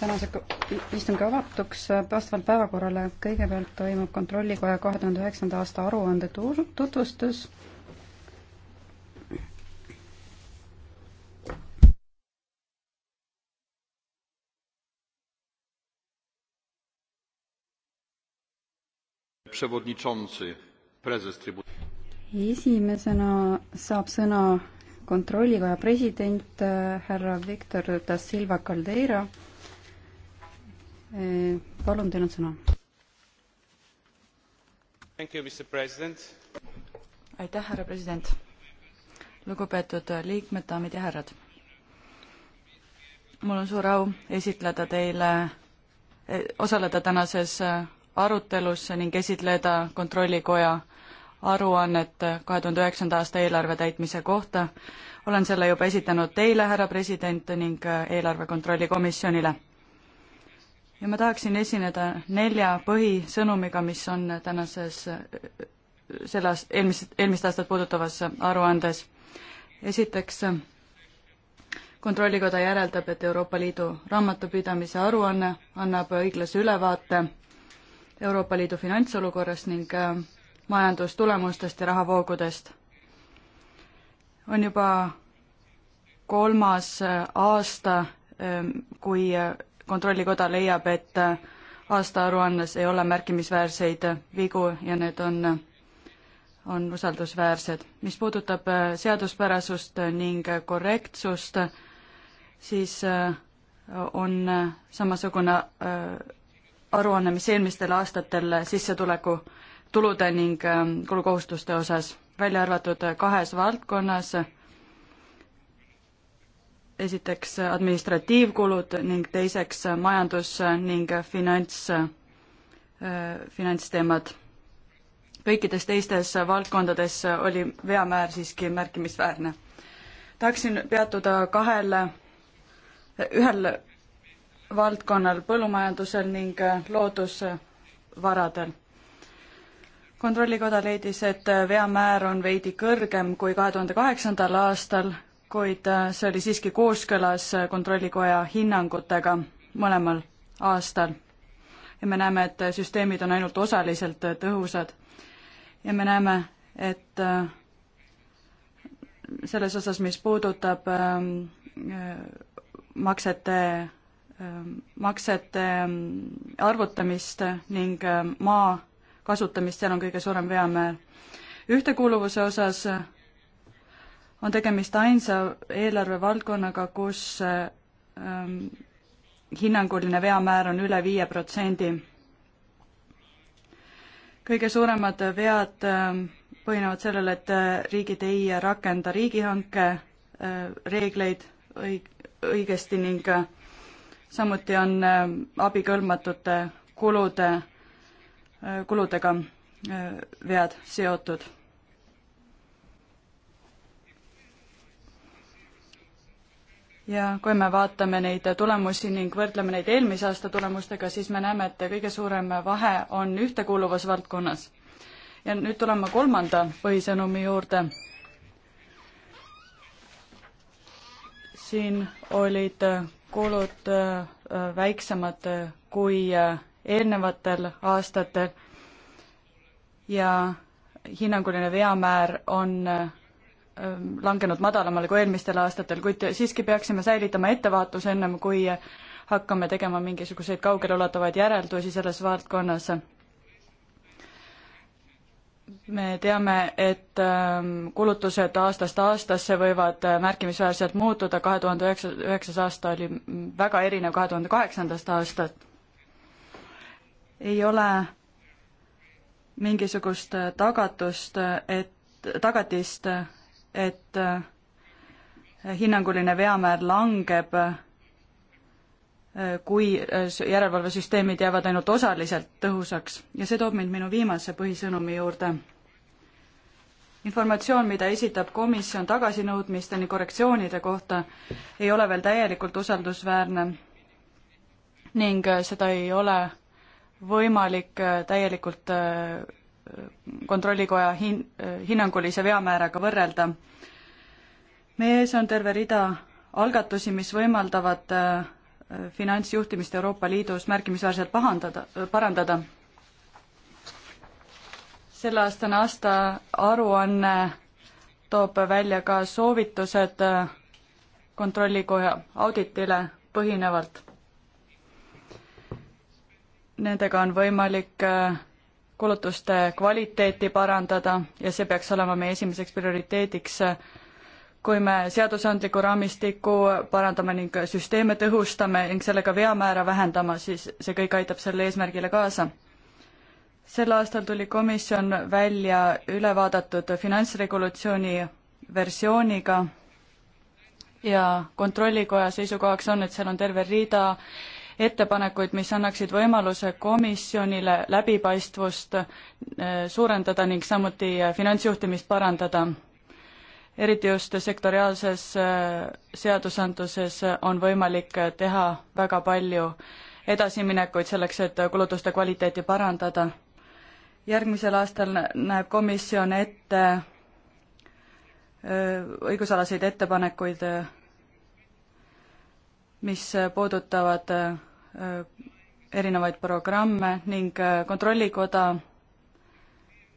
tänase istungi avatuks äh, vastavalt päevakorrale kõigepealt toimub Kontrollikoja kahe tuhande üheksanda aasta aruande tutvustus. esimesena saab sõna kontrollikoja president äh, härra Victor da Silva Caldeira. Äh, palun, teil on sõna. aitäh, härra president. lugupeetud liikmed, daamid ja härrad. mul on suur au esitleda teile, eh, osaleda tänases äh, arutelus ning esitleda kontrollikoja aruannet kahe tuhande üheksanda aasta eelarve täitmise kohta. olen selle juba esitanud teile, härra president, ning äh, eelarve kontrolli komisjonile. ja ma tahaksin esineda nelja põhisõnumiga, mis on tänases äh, selles eelmist, eelmist aastat puudutavas aruandes. esiteks, kontrollikoda järeldab, et Euroopa Liidu raamatupidamise aruanne annab õiglase ülevaate Euroopa Liidu finantsolukorrast ning äh, majandustulemustest ja rahavoogudest. on juba kolmas äh, aasta, ähm, kui äh, Kontrollikoda leiab, et äh, aastaaruannes ei ole märkimisväärseid vigu ja need on, on usaldusväärsed. mis puudutab seaduspärasust ning korrektsust, siis on samasugune aruanne, mis eelmistel aastatel sissetuleku tulude ning ähm, kulukohustuste osas, välja arvatud kahes valdkonnas. esiteks administratiivkulud ning teiseks majandus ning finants, äh, finantsteemad. kõikides teistes valdkondades oli veamäär siiski märkimisväärne. tahaksin peatuda kahel, ühel valdkonnal, põllumajandusel ning äh, loodusvaradel kontrollikoda leidis, et äh, veamäär on veidi kõrgem kui kahe tuhande kaheksandal aastal, kuid äh, see oli siiski kooskõlas äh, kontrollikoja hinnangutega mõlemal aastal. ja me näeme, et süsteemid on ainult osaliselt tõhusad. ja me näeme, et selles osas, mis puudutab ähm, maksete, ähm, maksete ähm, arvutamist ning maa kasutamist, seal on kõige suurem veamäär. ühtekuuluvuse osas on tegemist ainsa eelarvevaldkonnaga, kus ähm, hinnanguline veamäär on üle viie protsendi. kõige suuremad vead ähm, põhinevad sellel, et äh, riigid ei rakenda riigihanke äh, reegleid õig-, õigesti ning äh, samuti on ähm, abikõlbmatute kulude kuludega äh, vead seotud. ja kui me vaatame neid tulemusi ning võrdleme neid eelmise aasta tulemustega, siis me näeme, et kõige suurem vahe on ühtekuuluvas valdkonnas. ja nüüd tulen ma kolmanda põhisõnumi juurde siin olid kulud äh, väiksemad kui äh, eelnevatel aastatel ja hinnanguline veamäär on ähm, langenud madalamale kui eelmistel aastatel, kuid siiski peaksime säilitama ettevaatuse ennem, kui hakkame tegema mingisuguseid kaugeleulatuvaid järeldusi selles valdkonnas. me teame, et ähm, kulutused aastast aastasse võivad märkimisväärselt muutuda, kahe tuhande üheksa, üheksas aasta oli väga erinev kahe tuhande kaheksandast aastast ei ole mingisugust tagatust, et, tagatist, et äh, hinnanguline veamäär langeb, äh, kui äh, järelevalvesüsteemid jäävad ainult osaliselt tõhusaks ja see toob mind minu viimase põhisõnumi juurde. informatsioon, mida esitab komisjon tagasinõudmiste ning korrektsioonide kohta, ei ole veel täielikult usaldusväärne ning seda ei ole võimalik äh, täielikult äh, kontrollikoja hin-, äh, hinnangulise veamääraga võrrelda. meie ees on terve rida algatusi, mis võimaldavad finantsjuhtimist Euroopa Liidus märkimisväärselt pahandada, parandada. selleaastane aasta aruanne toob välja ka soovitused kontrollikoja auditile põhinevalt nendega on võimalik äh, kulutuste kvaliteeti parandada ja see peaks olema meie esimeseks prioriteediks, kui me seadusandliku raamistiku parandame ning süsteeme tõhustame ning sellega veamäära vähendama, siis see kõik aitab sellele eesmärgile kaasa. sel aastal tuli komisjon välja ülevaadatud finantsregulatsiooni versiooniga ja Kontrollikoja seisukohaks on, et seal on terve rida ettepanekuid, mis annaksid võimaluse komisjonile läbipaistvust äh, suurendada ning samuti äh, finantsjuhtimist parandada. eriti just sektoriaalses äh, seadusandluses on võimalik teha väga palju edasiminekuid selleks, et kulutuste kvaliteeti parandada. järgmisel aastal näeb komisjon ette õigusalaseid ettepanekuid mis puudutavad Äh, erinevaid programme ning äh, Kontrollikoda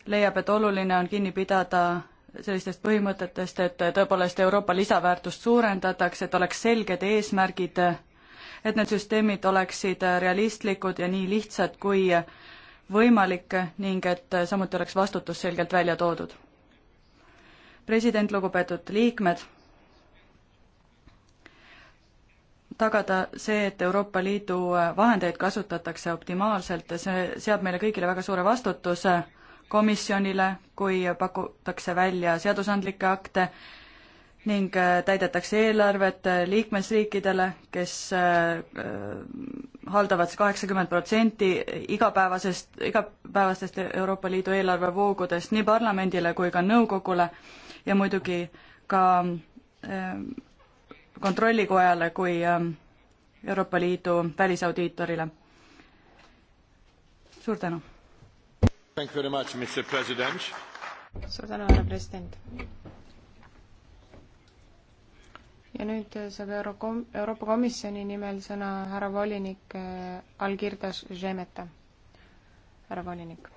leiab, et oluline on kinni pidada sellistest põhimõtetest, et äh, tõepoolest Euroopa lisaväärtust suurendatakse, et oleks selged eesmärgid, et need süsteemid oleksid realistlikud ja nii lihtsad kui võimalik ning et samuti oleks vastutus selgelt välja toodud. president, lugupeetud liikmed tagada see, et Euroopa Liidu vahendeid kasutatakse optimaalselt ja see seab meile kõigile väga suure vastutuse komisjonile, kui pakutakse välja seadusandlikke akte ning äh, täidetakse eelarvet äh, liikmesriikidele, kes äh, haldavad kaheksakümmend protsenti igapäevasest, igapäevastest Euroopa Liidu eelarvevoogudest nii parlamendile kui ka nõukogule ja muidugi ka kontrollikojale kui ähm, Euroopa Liidu välisaudiitorile. suur tänu! suur tänu, härra president! ja nüüd äh, saab Eurokom-, Euroopa Komisjoni nimel sõna härra volinik äh, Algirdas Žemeta. härra volinik.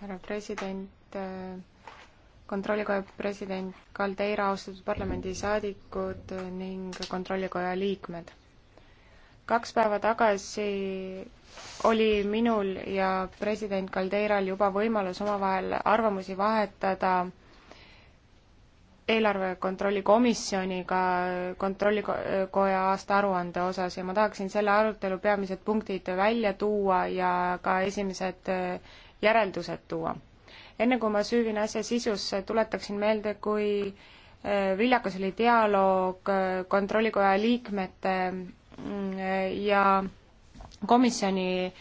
härra president äh, kontrollikoja president Kaldeira, austatud parlamendisaadikud ning kontrollikoja liikmed. kaks päeva tagasi oli minul ja president Kaldeiral juba võimalus omavahel arvamusi vahetada eelarve kontrolli komisjoniga kontrollikoja aastaaruande osas ja ma tahaksin selle arutelu peamised punktid välja tuua ja ka esimesed järeldused tuua enne kui ma süüvin asja sisusse, tuletaksin meelde, kui äh, viljakas oli dialoog äh, kontrollikoja liikmete mm, äh, ja komisjoni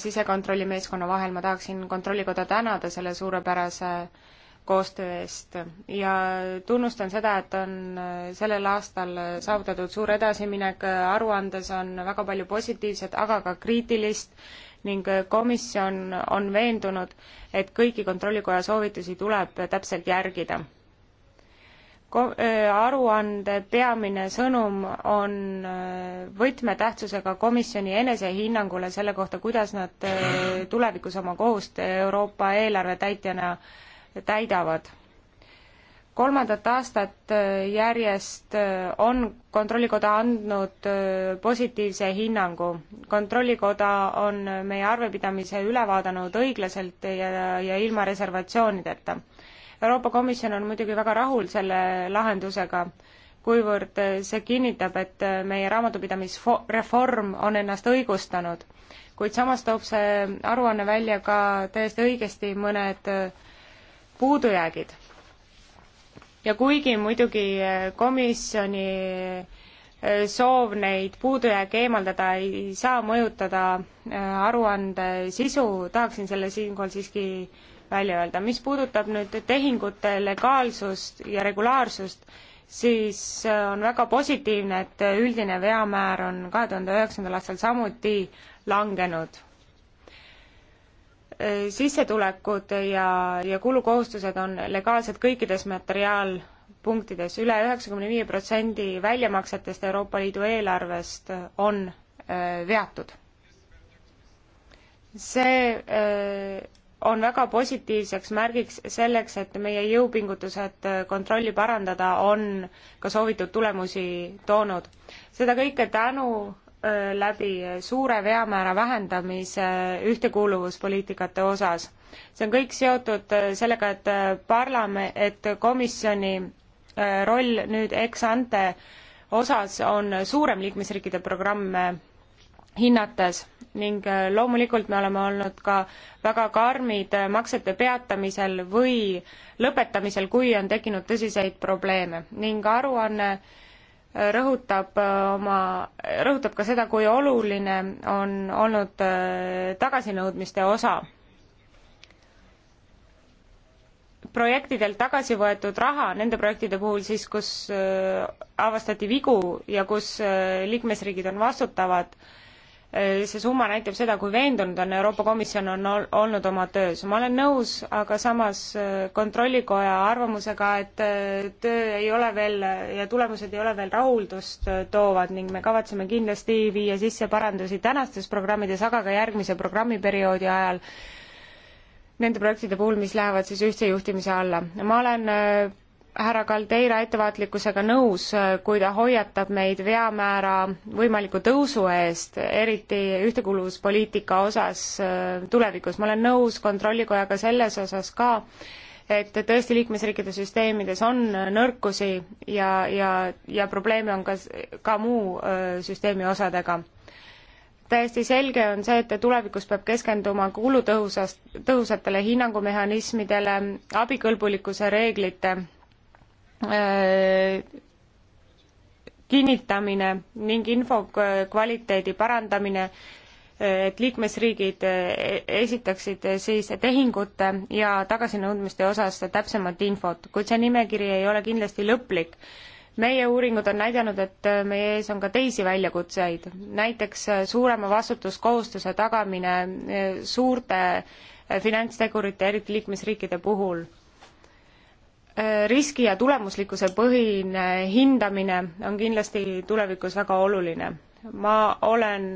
sisekontrolli meeskonna vahel, ma tahaksin Kontrollikoda tänada selle suurepärase koostöö eest ja tunnustan seda, et on sellel aastal saavutatud suur edasiminek, aruandes on väga palju positiivset, aga ka kriitilist ning äh, komisjon on veendunud, et kõiki Kontrollikoja soovitusi tuleb täpselt järgida. Ko-, äh, aruande peamine sõnum on äh, võtmetähtsusega komisjoni enesehinnangule selle kohta, kuidas nad tulevikus oma kohust Euroopa eelarve täitjana täidavad kolmandat aastat äh, järjest äh, on Kontrollikoda andnud äh, positiivse hinnangu. kontrollikoda on meie arvepidamise üle vaadanud õiglaselt ja, ja ilma reservatsioonideta. Euroopa Komisjon on muidugi väga rahul selle lahendusega, kuivõrd see kinnitab, et meie raamatupidamisreform on ennast õigustanud. kuid samas toob see aruanne välja ka täiesti õigesti mõned puudujäägid ja kuigi muidugi eh, komisjoni eh, soov neid puudujääke eemaldada ei saa mõjutada eh, aruande sisu, tahaksin selle siinkohal siiski välja öelda. mis puudutab nüüd tehingute legaalsust ja regulaarsust, siis on väga positiivne, et üldine veamäär on kahe tuhande üheksandal aastal samuti langenud sissetulekud ja, ja kulukohustused on legaalsed kõikides materiaalpunktides üle. üle üheksakümne viie protsendi väljamaksetest Euroopa Liidu eelarvest on äh, veatud. see äh, on väga positiivseks märgiks selleks, et meie jõupingutused äh, kontrolli parandada on ka soovitud tulemusi toonud. seda kõike tänu läbi suure veamäära vähendamise ühtekuuluvuspoliitikate osas. see on kõik seotud sellega, et parlame-, et komisjoni roll nüüd ex ante osas on suurem liikmesriikide programme hinnates ning loomulikult me oleme olnud ka väga karmid maksete peatamisel või lõpetamisel, kui on tekkinud tõsiseid probleeme ning aruanne on rõhutab äh, oma, rõhutab ka seda, kui oluline on olnud äh, tagasinõudmiste osa. projektidelt tagasi võetud raha nende projektide puhul siis, kus äh, avastati vigu ja kus liikmesriigid on vastutavad, Äh, see summa näitab seda, kui veendunud on Euroopa Komisjon on ol, olnud oma töös. ma olen nõus, aga samas äh, Kontrollikoja arvamusega, et äh, töö ei ole veel ja tulemused ei ole veel rahuldust toovad ning me kavatseme kindlasti viia sisse parandusi tänastes programmides, aga ka järgmise programmiperioodi ajal nende projektide puhul, mis lähevad siis ühtse juhtimise alla. ma olen härra Caldeira ettevaatlikkusega nõus, kui ta hoiatab meid veamäära võimaliku tõusu eest, eriti ühtekuuluvuspoliitika osas äh, tulevikus. ma olen nõus Kontrollikojaga selles osas ka, et tõesti liikmesriikide süsteemides on nõrkusi ja, ja, ja probleeme on ka, ka muu äh, süsteemi osadega täiesti selge on see, et tulevikus peab keskenduma kulutõhusast, tõhusatele hinnangumehhanismidele, abikõlbulikkuse reeglite Äh, kinnitamine ning info kvaliteedi parandamine, äh, et liikmesriigid äh, esitaksid siis tehingute ja tagasinõudmiste osas täpsemat infot, kuid see nimekiri ei ole kindlasti lõplik. meie uuringud on näidanud, et meie ees on ka teisi väljakutseid, näiteks suurema vastutuskohustuse tagamine suurte finantstegurite, eriti liikmesriikide puhul riski ja tulemuslikkuse põhine hindamine on kindlasti tulevikus väga oluline. ma olen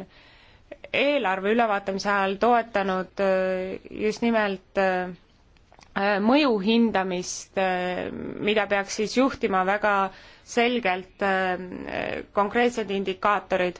eelarve ülevaatamise ajal toetanud äh, just nimelt äh, mõju hindamist, äh, mida peaks siis juhtima väga selgelt konkreetsed indikaatorid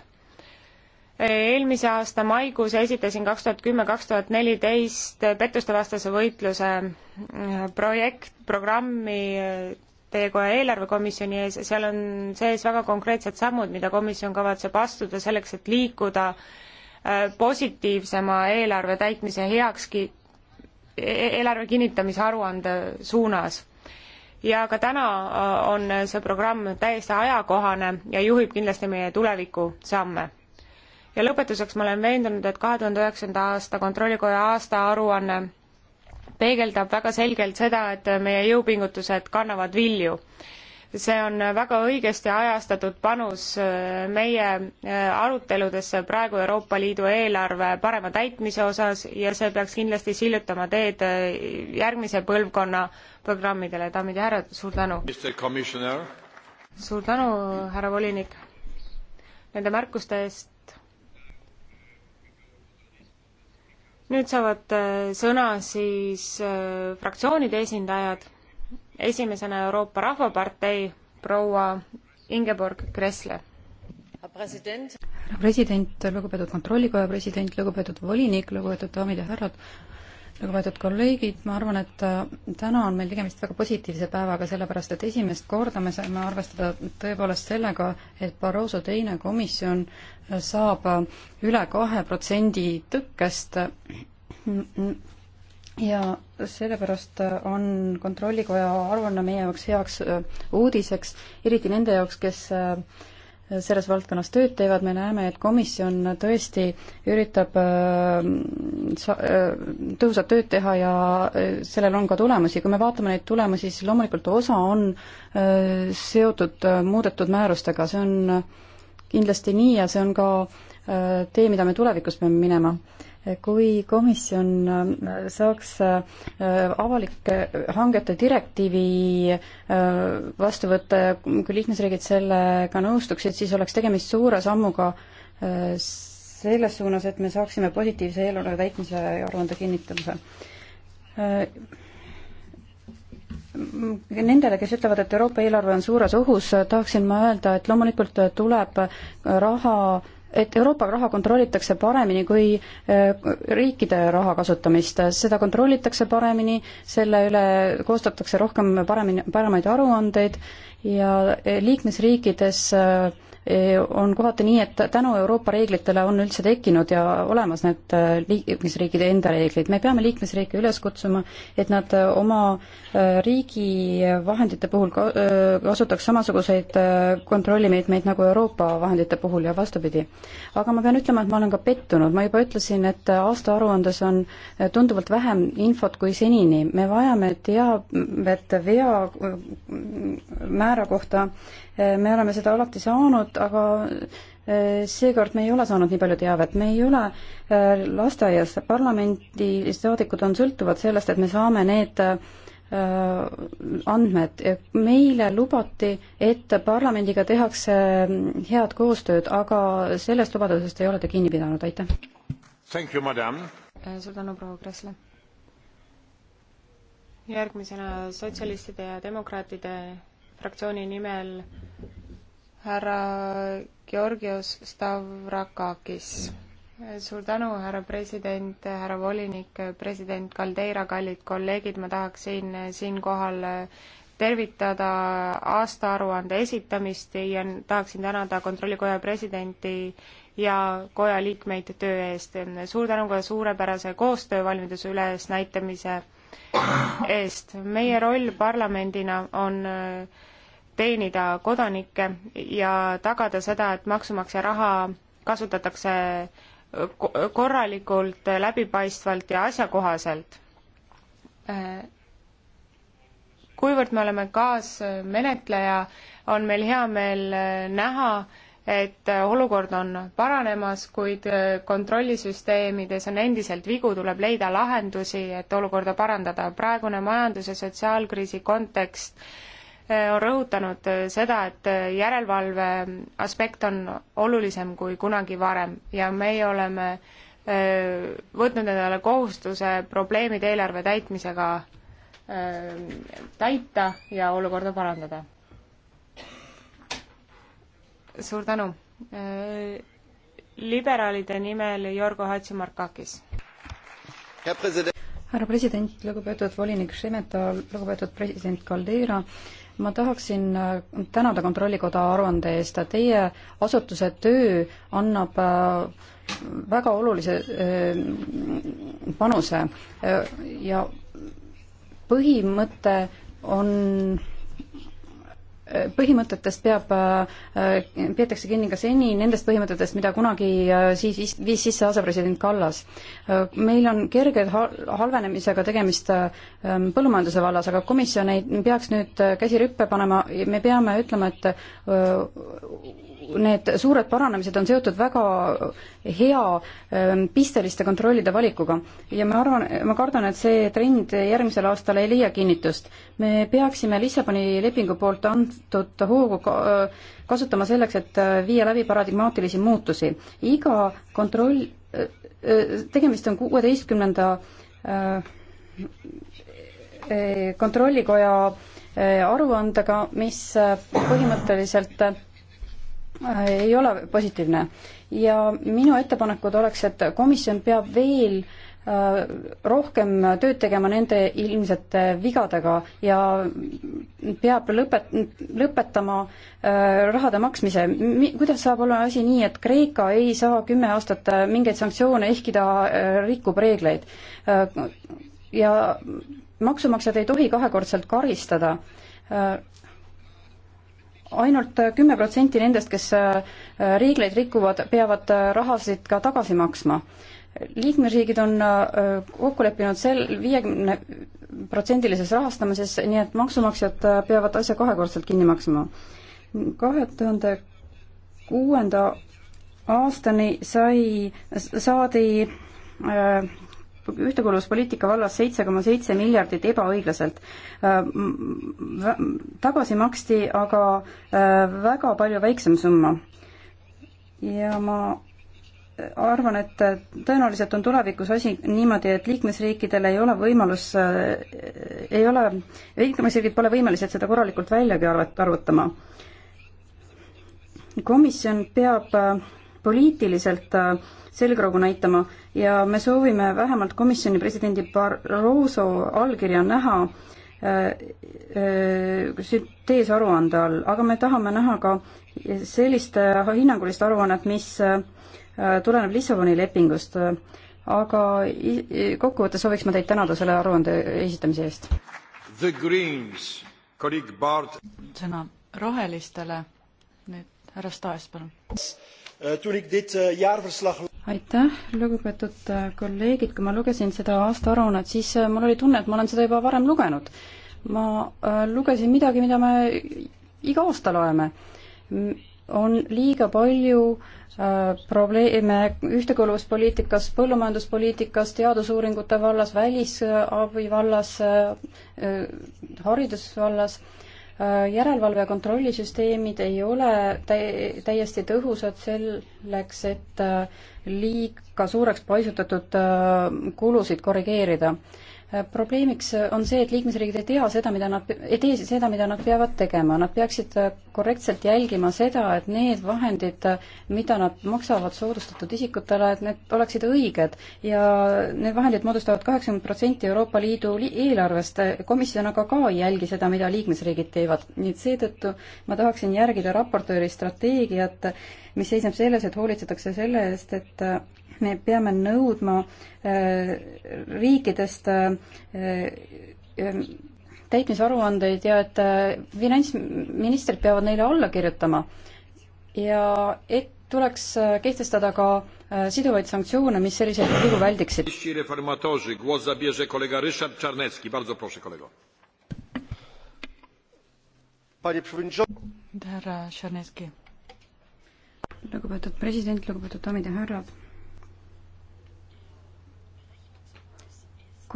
eelmise aasta maikuus esitasin kaks tuhat kümme, kaks tuhat neliteist pettustevastase võitluse äh, projekt, programmi äh, teie koja eelarvekomisjoni ees ja seal on sees väga konkreetsed sammud, mida komisjon kavatseb astuda selleks, et liikuda äh, positiivsema eelarve täitmise heakski, e-, e-, eelarve kinnitamise aruande suunas ja ka täna on see programm täiesti ajakohane ja juhib kindlasti meie tulevikusamme ja lõpetuseks ma olen veendunud, et kahe tuhande üheksanda aasta Kontrollikoja aastaaruanne peegeldab väga selgelt seda, et meie jõupingutused kannavad vilju. see on väga õigesti ajastatud panus äh, meie äh, aruteludesse praegu Euroopa Liidu eelarve parema täitmise osas ja see peaks kindlasti sillutama teed äh, järgmise põlvkonna programmidele. daamid ja härrad, suur tänu! suur tänu, härra volinik, nende märkuste eest nüüd saavad äh, sõna siis äh, fraktsioonide esindajad. esimesena Euroopa Rahvapartei proua Ingeborg Kressle. president, president, lugupeetud kontrollikoja president, lugupeetud volinik, lugupeetud daamid ja härrad, lugupeetud kolleegid, ma arvan, et äh, täna on meil tegemist väga positiivse päevaga, sellepärast et esimest korda me saime arvestada tõepoolest sellega, et Barroso teine komisjon äh, saab üle kahe protsendi tõkkest ja sellepärast on Kontrollikoja aruanne meie jaoks heaks äh, uudiseks, eriti nende jaoks, kes äh, selles valdkonnas tööd teevad, me näeme, et komisjon tõesti üritab äh, tõhusat tööd teha ja sellel on ka tulemusi. kui me vaatame neid tulemusi, siis loomulikult osa on seotud muudetud määrustega, see on kindlasti nii ja see on ka äh, tee, mida me tulevikus peame minema. kui komisjon äh, saaks äh, avalike hangete direktiivi vastu võtta ja kui liikmesriigid sellega nõustuksid, siis oleks tegemist suure sammuga selles suunas, et me saaksime positiivse eelarve täitmise aruande kinnitamise Nendele, kes ütlevad, et Euroopa eelarve on suures ohus, tahaksin ma öelda, et loomulikult tuleb raha et Euroopa raha kontrollitakse paremini kui äh, riikide raha kasutamist, seda kontrollitakse paremini, selle üle koostatakse rohkem paremini, paremaid aruandeid ja äh, liikmesriikides äh, on kohati nii, et tänu Euroopa reeglitele on üldse tekkinud ja olemas need äh, liikmesriikide enda reeglid. me peame liikmesriike üles kutsuma, et nad äh, oma äh, riigi vahendite puhul ka-, kasutaks samasuguseid kontrollimeetmeid nagu Euroopa vahendite puhul ja vastupidi. aga ma pean ütlema, et ma olen ka pettunud, ma juba ütlesin, et aastaaruandes on tunduvalt vähem infot kui senini. me vajame teabet vea määra kohta me oleme seda alati saanud, aga e, seekord me ei ole saanud nii palju teavet, me ei ole e, lasteaias, parlamendi saadikud on sõltuvad sellest, et me saame need e, andmed, meile lubati, et parlamendiga tehakse head koostööd, aga sellest lubadusest ei ole te kinni pidanud, aitäh. suur tänu, proua Kressle. järgmisena sotsialistide ja demokraatide fraktsiooni nimel härra Georgios Stavrakakis. suur tänu, härra president, härra volinik, president Kaldeira, kallid kolleegid, ma tahaksin siinkohal tervitada aastaaruande esitamist ja tahaksin tänada Kontrollikoja presidenti ja koja liikmeid töö eest. suur tänu ka suurepärase koostöövalmiduse ülesnäitamise eest. meie roll parlamendina on äh, teenida kodanikke ja tagada seda, et maksumaksja raha kasutatakse äh, korralikult, äh, läbipaistvalt ja asjakohaselt. Äh, kuivõrd me oleme kaasmenetleja, on meil hea meel näha, et olukord on paranemas, kuid kontrollisüsteemides on endiselt vigu, tuleb leida lahendusi, et olukorda parandada. praegune majandus- ja sotsiaalkriisi kontekst äh, on rõhutanud seda, et järelevalve aspekt on olulisem kui kunagi varem ja meie oleme võtnud endale kohustuse probleemid eelarve täitmisega täita ja olukorda parandada. suur tänu. liberaalide nimel Jorgo Hatsimarkakis. härra president, lugupeetud volinik Šemeta, lugupeetud president Caldera ma tahaksin äh, tänada Kontrollikoda aruande eest, teie asutuse töö annab äh, väga olulise äh, panuse ja põhimõte on põhimõtetest peab, äh, peetakse kinni ka seni, nendest põhimõtetest, mida kunagi äh, siis viis sisse asepresident Kallas. Äh, meil on kerge halvenemisega tegemist põllumajanduse vallas, aga komisjon ei peaks nüüd käsi rüppe panema, me peame ütlema, et need suured paranemised on seotud väga hea ähm, pisteliste kontrollide valikuga ja ma arvan, ma kardan, et see trend järgmisel aastal ei leia kinnitust. me peaksime Lissaboni lepingu poolt antud hoogu äh, kasutama selleks, et äh, viia läbi paradigmaatilisi muutusi. iga kontroll, äh, tegemist on kuueteistkümnenda kontrollikoja aruandega, mis põhimõtteliselt ei ole positiivne ja minu ettepanekud oleks, et komisjon peab veel äh, rohkem tööd tegema nende ilmsete vigadega ja peab lõpet-, lõpetama äh, rahade maksmise. Mi-, kuidas saab olla asi nii, et Kreeka ei saa kümme aastat äh, mingeid sanktsioone, ehkki ta rikub reegleid? ja maksumaksjad ei tohi kahekordselt karistada ainult kümme protsenti nendest, kes äh, reegleid rikuvad, peavad äh, rahasid ka tagasi maksma. liikmesriigid on äh, kokku leppinud sel viiekümne protsendilises rahastamises, nii et maksumaksjad peavad asja kahekordselt kinni maksma. kahe tuhande kuuenda aastani sai, saadi äh, ühtekuuluvuspoliitika vallas seitse koma seitse miljardit ebaõiglaselt. Äh, tagasi maksti aga äh, väga palju väiksem summa. ja ma arvan, et äh, tõenäoliselt on tulevikus asi niimoodi, et liikmesriikidel ei ole võimalus, ei ole, liikmesriigid pole võimelised seda korralikult väljagi arvutama. komisjon peab poliitiliselt äh, selgroogu näitama ja me soovime vähemalt komisjoni presidendi Barroso allkirja näha äh, äh, tees aruande all, aga me tahame näha ka sellist hinnangulist aruannet, mis tuleneb Lissaboni lepingust. aga kokkuvõttes sooviks ma teid tänada selle aruande esitamise eest. The Greens, kolleeg Bart. sõna rohelistele, nüüd härra Staes, palun. Eh, toen ik dit eh, jaarverslag aitäh, lugupeetud eh, kolleegid, kui ma lugesin seda aastaaruannet, siis mul oli tunne, et ma olen seda juba varem lugenud. ma lugesin midagi, mida me iga aasta loeme. on liiga palju probleeme ühtekuuluvuspoliitikas, põllumajanduspoliitikas, teadusuuringute vallas, välisabi vallas, haridusvallas Äh, järelevalve ja kontrollisüsteemid ei ole täiesti tõhusad selleks, et äh, liiga suureks paisutatud äh, kulusid korrigeerida. Äh, probleemiks äh, on see, et liikmesriigid ei tea seda, mida nad, ei tee seda, mida nad peavad tegema, nad peaksid äh, korrektselt jälgima seda, et need vahendid, mida nad maksavad soodustatud isikutele, et need oleksid õiged ja need vahendid moodustavad kaheksakümmend protsenti Euroopa Liidu eelarvest, komisjon aga ka ei jälgi seda, mida liikmesriigid teevad, nii et seetõttu ma tahaksin järgida raportööri strateegiat, mis seisneb selles, et hoolitsetakse selle eest, et me peame nõudma äh, riikidest äh, äh, täitmisaruandeid ja et finantsministrid peavad neile alla kirjutama. ja et tuleks kehtestada ka siduvaid sanktsioone, mis selliseid vigu väldiksid. härra Tšarnetski. lugupeetud president, lugupeetud daamid ja härrad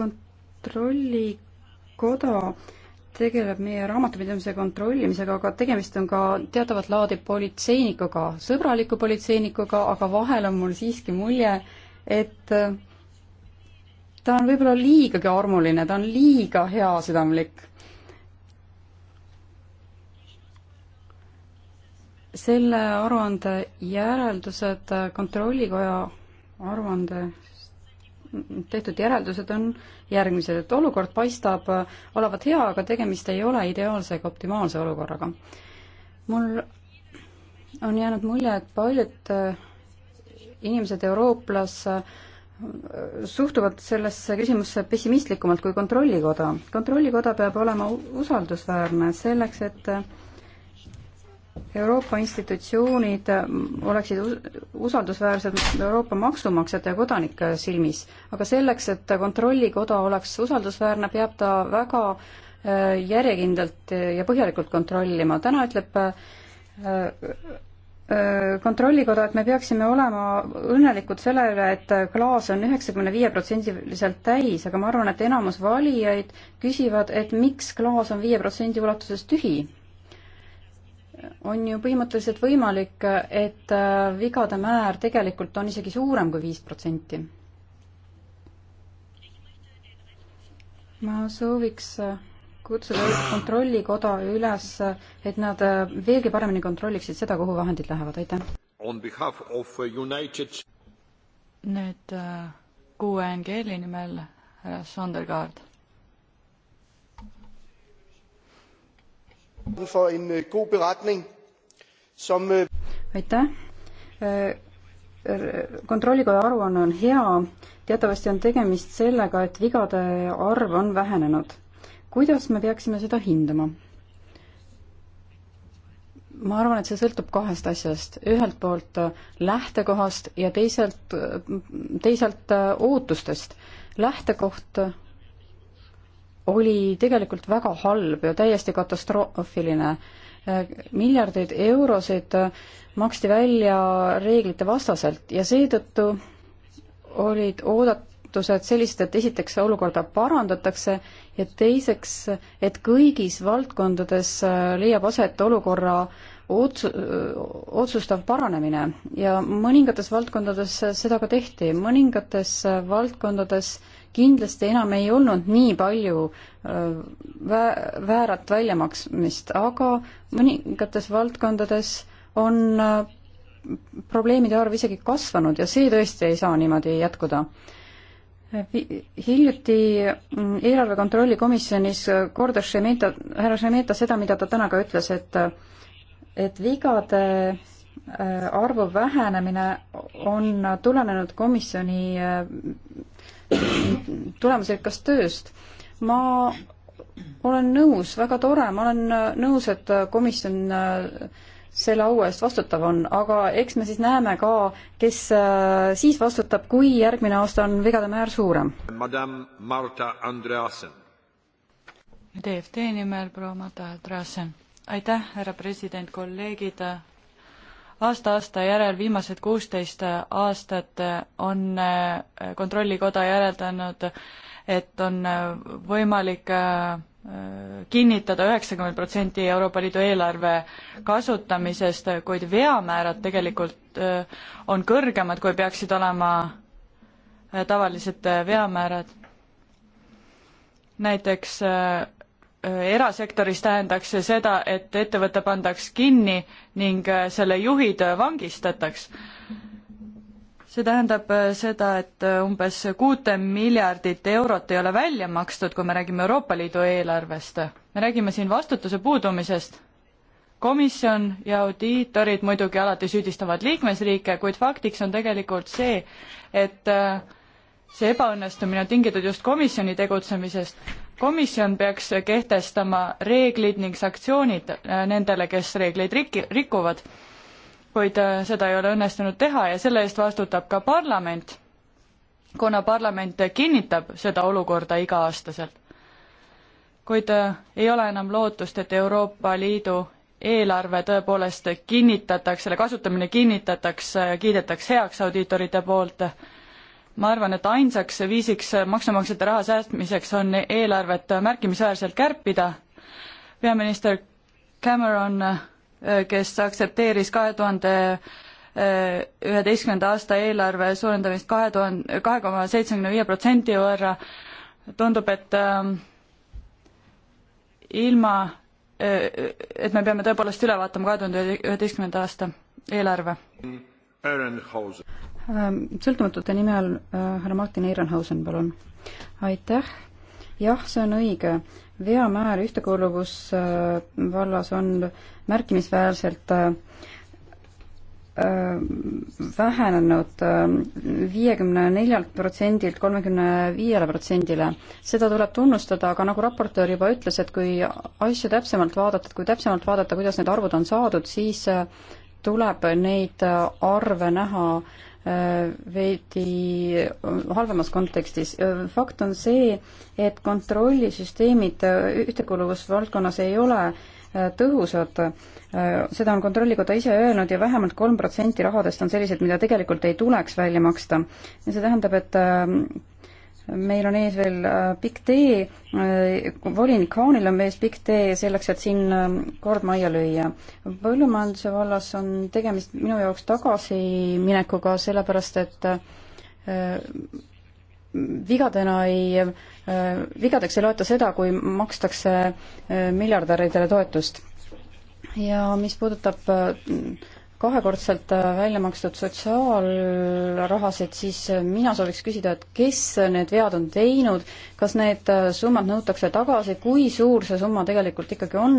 kontrollikoda tegeleb meie raamatupidamise kontrollimisega, aga tegemist on ka teatavat laadi politseinikuga, sõbraliku politseinikuga, aga vahel on mul siiski mulje, et äh, ta on võib-olla liigagi armuline, ta on liiga heasüdamlik. selle aruande järeldused, äh, Kontrollikoja aruande tehtud järeldused on järgmised, et olukord paistab olevat hea, aga tegemist ei ole ideaalse ega optimaalse olukorraga. mul on jäänud mulje, et paljud äh, inimesed Euroopas äh, suhtuvad sellesse küsimusse pessimistlikumalt kui Kontrollikoda. kontrollikoda peab olema usaldusväärne selleks, et äh, Euroopa institutsioonid mm, oleksid usaldusväärsed Euroopa maksumaksjate ja kodanike silmis, aga selleks, et Kontrollikoda oleks usaldusväärne, peab ta väga äh, järjekindlalt ja põhjalikult kontrollima. täna ütleb äh, äh, kontrollikoda, et me peaksime olema õnnelikud selle üle, et klaas on üheksakümne viie protsendiliselt täis, aga ma arvan, et enamus valijaid küsivad, et miks klaas on viie protsendi ulatuses tühi on ju põhimõtteliselt võimalik, et äh, vigade määr tegelikult on isegi suurem kui viis protsenti. ma sooviks äh, kutsuda Kontrollikoda üles, äh, et nad veelgi paremini kontrolliksid seda, kuhu vahendid lähevad, aitäh. Uh, nüüd QNGL-i nimel härra Sondergaard Øh, øh, aitäh. Äh, kontrollikoja aruanne on hea, teatavasti on tegemist sellega, et vigade arv on vähenenud. kuidas me peaksime seda hindama? ma arvan, et see sõltub kahest asjast, ühelt poolt äh, lähtekohast ja teiselt, äh, teisalt ootustest. lähtekoht oli tegelikult väga halb ja täiesti katastroofiline. miljardeid eurosid maksti välja reeglite vastaselt ja seetõttu olid oodatused sellised, et esiteks olukorda parandatakse ja teiseks, et kõigis valdkondades leiab aset olukorra otsu-, otsustav paranemine ja mõningates valdkondades seda ka tehti, mõningates valdkondades äh, kindlasti enam ei olnud nii palju äh, vä-, väärat väljamaksmist, aga mõningates valdkondades on äh, probleemide arv isegi kasvanud ja see tõesti ei saa niimoodi jätkuda Hiljuti mm, eelarve kontrolli komisjonis äh, kordas Šemeta, härra Šemeta seda, mida ta täna ka ütles, et et vigade arvu vähenemine on tulenenud komisjoni tulemusrikkast tööst. ma olen nõus, väga tore, ma olen nõus, et komisjon äh, selle au eest vastutav on, aga eks me siis näeme ka, kes äh, siis vastutab, kui järgmine aasta on vigade määr suurem. DFD nimel proua Marta Andreasen. aitäh, härra president, kolleegid, aasta-aasta järel viimased kuusteist aastat on äh, Kontrollikoda järeldanud, et on äh, võimalik äh, kinnitada üheksakümmend protsenti Euroopa Liidu eelarve kasutamisest, kuid veamäärad tegelikult on kõrgemad, kui peaksid olema tavalised veamäärad. näiteks Äh, erasektoris tähendaks see seda, et ettevõte pandaks kinni ning äh, selle juhid äh, vangistataks. see tähendab seda, et umbes kuute miljardit eurot ei ole välja makstud, kui me räägime Euroopa Liidu eelarvest. me räägime siin vastutuse puudumisest. komisjon ja audiitorid muidugi alati süüdistavad liikmesriike, kuid faktiks on tegelikult see, et see ebaõnnestumine on tingitud just komisjoni tegutsemisest komisjon peaks kehtestama reeglid ning sanktsioonid äh, nendele, kes reegleid riki-, rikuvad, kuid äh, seda ei ole õnnestunud teha ja selle eest vastutab ka parlament, kuna parlament kinnitab seda olukorda iga-aastaselt. kuid äh, ei ole enam lootust, et Euroopa Liidu eelarve tõepoolest kinnitatakse, selle kasutamine kinnitatakse, kiidetakse heaks audiitorite poolt ma arvan, et ainsaks viisiks maksumaksjate raha säästmiseks on eelarvet märkimisväärselt kärpida. peaminister Cameron, kes aktsepteeris kahe tuhande eh, üheteistkümnenda aasta eelarve suurendamist kahe tuhande, kahe koma seitsmekümne viie protsendi võrra, tundub, et eh, ilma, eh, et me peame tõepoolest üle vaatama kahe tuhande üheteistkümnenda aasta eelarve. Ähm, sõltumatute nime all äh, härra Martin Ehrenhausen, palun. aitäh. jah, see on õige. veamäär ühtekuuluvusvallas on märkimisväärselt äh, äh, vähenenud viiekümne neljalt protsendilt kolmekümne viiele protsendile. seda tuleb tunnustada, aga nagu raportöör juba ütles, et kui asju täpsemalt vaadata, et kui täpsemalt vaadata, kuidas need arvud on saadud, siis tuleb neid arve näha äh, Äh, veidi äh, halvemas kontekstis. Äh, fakt on see, et kontrollisüsteemid ühtekuuluvusvaldkonnas ei ole tõhusad. seda on Kontrollikoda ise öelnud ja vähemalt kolm protsenti rahadest on sellised, mida tegelikult ei tuleks välja maksta. ja see tähendab, et meil on ees veel äh, pikk tee, äh, volinik Haanil on ees pikk tee selleks, et siin ähm, kord majja lüüa. põllumajanduse vallas on tegemist minu jaoks tagasiminekuga, sellepärast et äh, vigadena ei, vigadeks ei loeta seda, kui makstakse miljardäridele toetust. ja mis puudutab kahekordselt äh, välja makstud sotsiaalrahasid, siis äh, mina sooviks küsida, et kes need vead on teinud, kas need äh, summad nõutakse tagasi, kui suur see summa tegelikult ikkagi on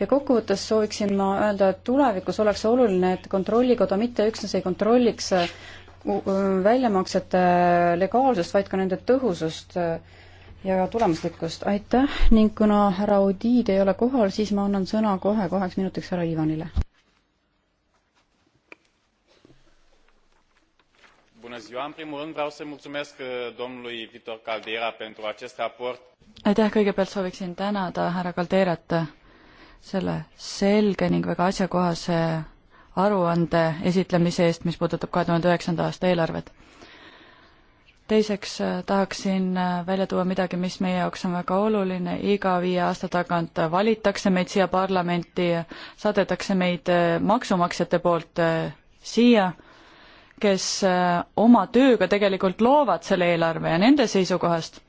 ja kokkuvõttes sooviksin ma öelda, et tulevikus oleks oluline, et Kontrollikoda mitte üksnes ei kontrolliks väljamaksete legaalsust, vaid ka nende tõhusust ja tulemuslikkust. aitäh ning kuna härra Audiid ei ole kohal, siis ma annan sõna kohe kaheks minutiks härra Ivanile în primul rând vreau să i mulțumesc uh, domnului Vitor Caldera pentru acest raport. aitäh, kõigepealt sooviksin tänada härra Calderat selle selge ning väga asjakohase aruande esitlemise eest, mis puudutab kahe tuhande üheksanda aasta eelarvet. teiseks äh, tahaksin äh, välja tuua midagi, mis meie jaoks on väga oluline, iga viie aasta tagant valitakse meid siia parlamenti, saadetakse meid äh, maksumaksjate poolt siia kes äh, oma tööga tegelikult loovad selle eelarve ja nende seisukohast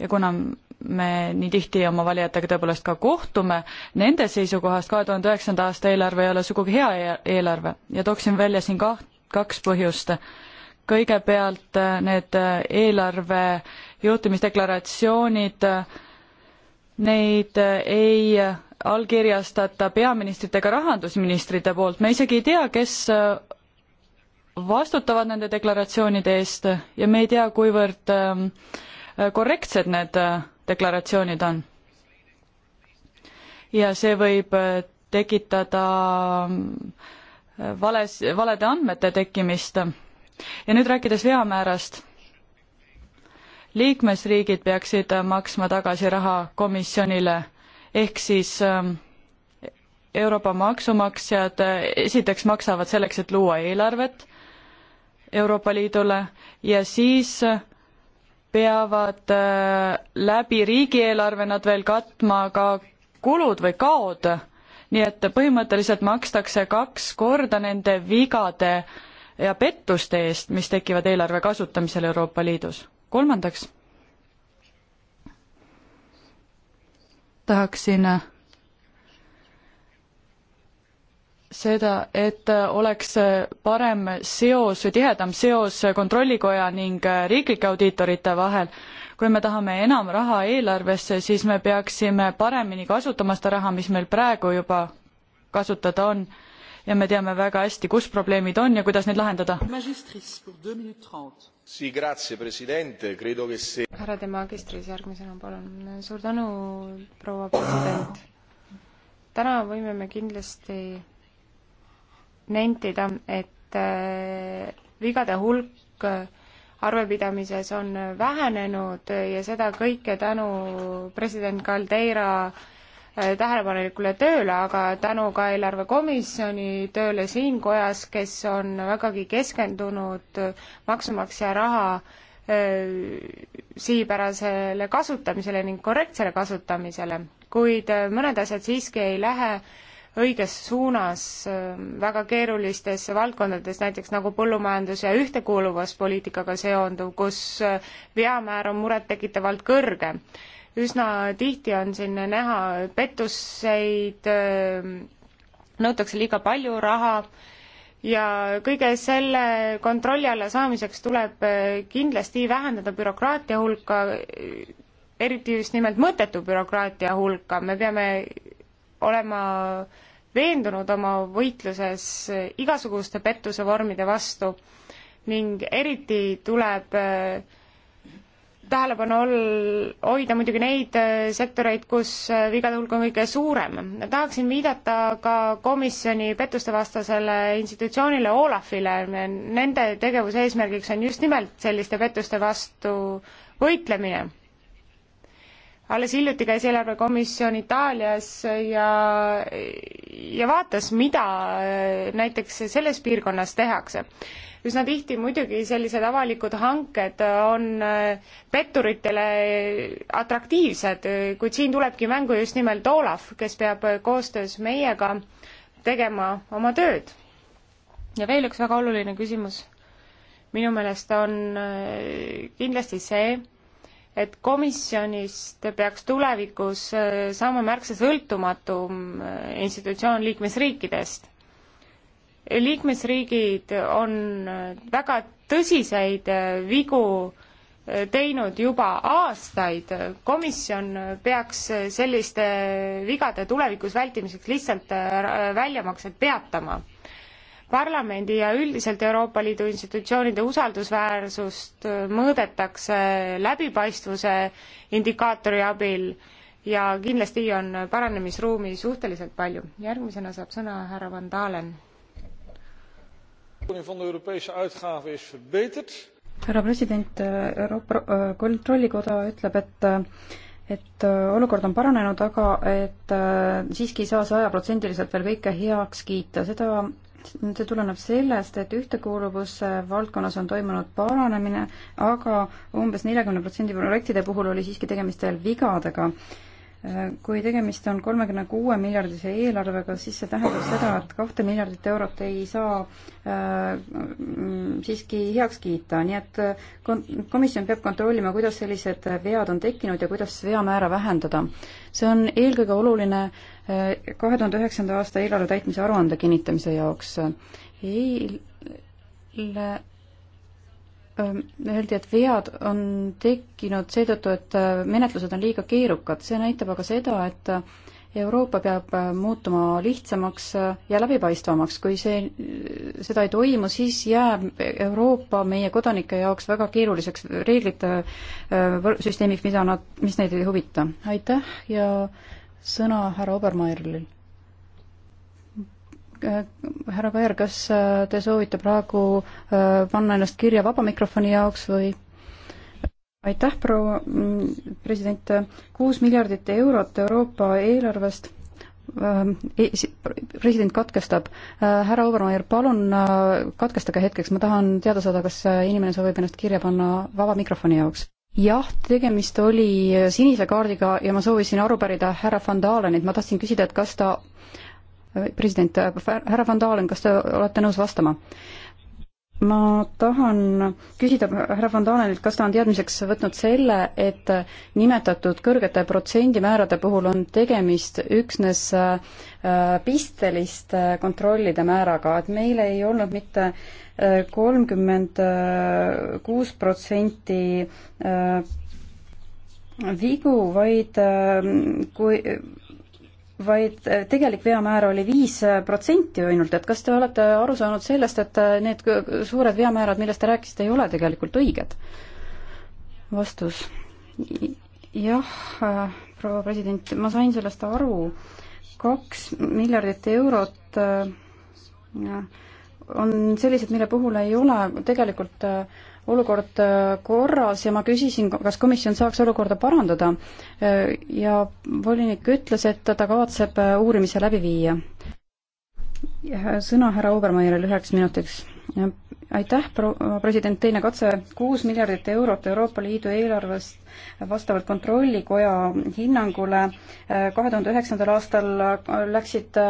ja kuna me nii tihti oma valijatega tõepoolest ka kohtume, nende seisukohast kahe tuhande üheksanda aasta eelarve ei ole sugugi hea eelarve ja tooksin välja siin kaht, kaks põhjust. kõigepealt äh, need äh, eelarve juhtimisdeklaratsioonid, neid ei allkirjastata peaministrite ega rahandusministrite poolt, me isegi ei tea, kes vastutavad nende deklaratsioonide eest ja me ei tea, kuivõrd ähm, korrektsed need äh, deklaratsioonid on. ja see võib äh, tekitada ähm, vales, valede andmete tekkimist. ja nüüd rääkides veamäärast, liikmesriigid peaksid äh, maksma tagasi raha komisjonile, ehk siis ähm, Euroopa maksumaksjad esiteks maksavad selleks, et luua eelarvet, Euroopa Liidule ja siis peavad äh, läbi riigieelarve nad veel katma ka kulud või kaod. nii et põhimõtteliselt makstakse kaks korda nende vigade ja pettuste eest, mis tekivad eelarve kasutamisel Euroopa Liidus. kolmandaks tahaksin seda, et oleks parem seos või tihedam seos Kontrollikoja ning riiklike audiitorite vahel. kui me tahame enam raha eelarvesse, siis me peaksime paremini kasutama seda raha, mis meil praegu juba kasutada on. ja me teame väga hästi, kus probleemid on ja kuidas neid lahendada. härra De Magistris järgmisena, palun. suur tänu, proua president. täna võime me kindlasti nentida, et äh, vigade hulk äh, arvepidamises on vähenenud ja seda kõike tänu president Caldeira äh, tähelepanelikule tööle, aga tänu ka eelarvekomisjoni tööle siin kojas, kes on vägagi keskendunud maksumaksja raha sihipärasele kasutamisele ning korrektsele kasutamisele. kuid mõned asjad siiski ei lähe äh, õiges suunas ähm, väga keerulistes valdkondades, näiteks nagu põllumajandus ja ühtekuuluvuspoliitikaga seonduv, kus äh, veamäär on murettekitavalt kõrge. üsna tihti on siin näha pettuseid, ähm, nõutakse liiga palju raha ja kõige selle kontrolli alla saamiseks tuleb äh, kindlasti vähendada bürokraatia hulka, eriti just nimelt mõttetu bürokraatia hulka, me peame olema veendunud oma võitluses igasuguste pettuse vormide vastu ning eriti tuleb äh, tähelepanu all hoida muidugi neid äh, sektoreid, kus äh, vigade hulk on kõige suurem. tahaksin viidata ka komisjoni pettustevastasele institutsioonile Olafile, nende tegevuse eesmärgiks on just nimelt selliste pettuste vastu võitlemine alles hiljuti käis eelarvekomisjon Itaalias ja, ja vaatas, mida äh, näiteks selles piirkonnas tehakse. üsna tihti muidugi sellised avalikud hanked on äh, petturitele äh, atraktiivsed, kuid siin tulebki mängu just nimelt Olav, kes peab koostöös meiega tegema oma tööd. ja veel üks väga oluline küsimus minu meelest on kindlasti see, et komisjonist peaks tulevikus äh, saama märksa sõltumatum äh, institutsioon liikmesriikidest. liikmesriigid on äh, väga tõsiseid vigu teinud juba aastaid, komisjon peaks selliste vigade tulevikus vältimiseks lihtsalt väljamaksed peatama parlamendi ja üldiselt Euroopa Liidu institutsioonide usaldusväärsust äh, mõõdetakse läbipaistvuse indikaatori abil ja kindlasti on paranemisruumi suhteliselt palju. järgmisena saab sõna härra Van Dalen. härra president, äh, Euroopa äh, Kontrollikoda ütleb, et et olukord on paranenud, aga et siiski ei saa sajaprotsendiliselt veel kõike heaks kiita, seda see tuleneb sellest, et ühtekuuluvusvaldkonnas on toimunud paranemine, aga umbes neljakümne protsendi projektide puhul oli siiski tegemist veel vigadega. kui tegemist on kolmekümne kuue miljardise eelarvega, siis see tähendab seda, et kahte miljardit eurot ei saa äh, siiski heaks kiita, nii et äh, komisjon peab kontrollima, kuidas sellised vead on tekkinud ja kuidas veamäära vähendada see on eelkõige oluline eh, kahe tuhande üheksanda aasta eelarve täitmise aruande kinnitamise jaoks. eile eh, öeldi, et vead on tekkinud seetõttu, et eh, menetlused on liiga keerukad, see näitab aga seda, et Euroopa peab äh, muutuma lihtsamaks äh, ja läbipaistvamaks. kui see, äh, seda ei toimu, siis jääb Euroopa meie kodanike jaoks väga keeruliseks reeglite süsteemiks, mida nad, mis neid ei huvita. aitäh ja sõna härra Obermeierile. härra Kajar, kas te soovite praegu panna ennast kirja vaba mikrofoni jaoks või? aitäh, proua mm, president, kuus miljardit eurot Euroopa eelarvest ähm, e, president katkestab. Äh, härra Obermeier, palun äh, katkestage hetkeks, ma tahan teada saada, kas äh, inimene soovib ennast kirja panna vaba mikrofoni jaoks. jah, tegemist oli sinise kaardiga ja ma soovisin aru pärida härra Van Dalenit, ma tahtsin küsida, et kas ta president, härra Van Dalen, kas te olete nõus vastama? ma tahan küsida härra Van Dalenilt, kas ta on teadmiseks võtnud selle, et nimetatud kõrgete protsendimäärade puhul on tegemist üksnes äh, pisteliste kontrollide määraga, et meil ei olnud mitte äh, kolmkümmend kuus protsenti äh, vigu, vaid kui vaid eh, tegelik veamäär oli viis eh, protsenti ainult, et kas te olete aru saanud sellest, et eh, need suured veamäärad, millest te rääkisite, ei ole tegelikult õiged? vastus. jah, äh, proua president, ma sain sellest aru, kaks miljardit eurot äh, on sellised, mille puhul ei ole tegelikult äh, olukord äh, korras ja ma küsisin, kas komisjon saaks olukorda parandada äh, ja volinik ütles, et ta kavatseb äh, uurimise läbi viia. sõna härra Obermeierile üheks minutiks. aitäh, president, teine katse, kuus miljardit eurot Euroopa Liidu eelarvest vastavalt Kontrollikoja hinnangule kahe tuhande üheksandal aastal läksid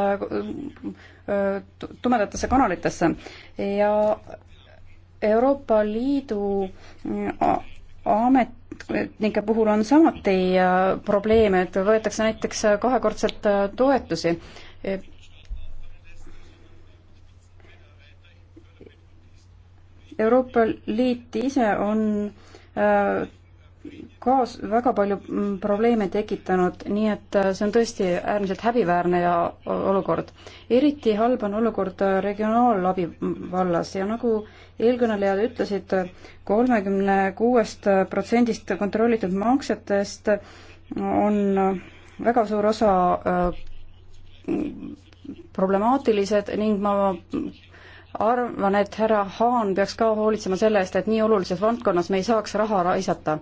tumedatesse kanalitesse ja Euroopa Liidu mm, ametnike puhul on samuti äh, probleeme, et võetakse näiteks äh, kahekordselt äh, toetusi. Euroopa Liit ise on ka väga palju mm, probleeme tekitanud, nii et äh, see on tõesti äärmiselt häbiväärne ja olukord. eriti halb on olukord äh, regionaalabi mm, vallas ja nagu eelkõnelejad ütlesid, kolmekümne kuuest äh, protsendist kontrollitud maksetest on väga suur osa mm, problemaatilised ning ma arvan, et härra Haan peaks ka hoolitsema selle eest, et nii olulises valdkonnas me ei saaks raha raisata.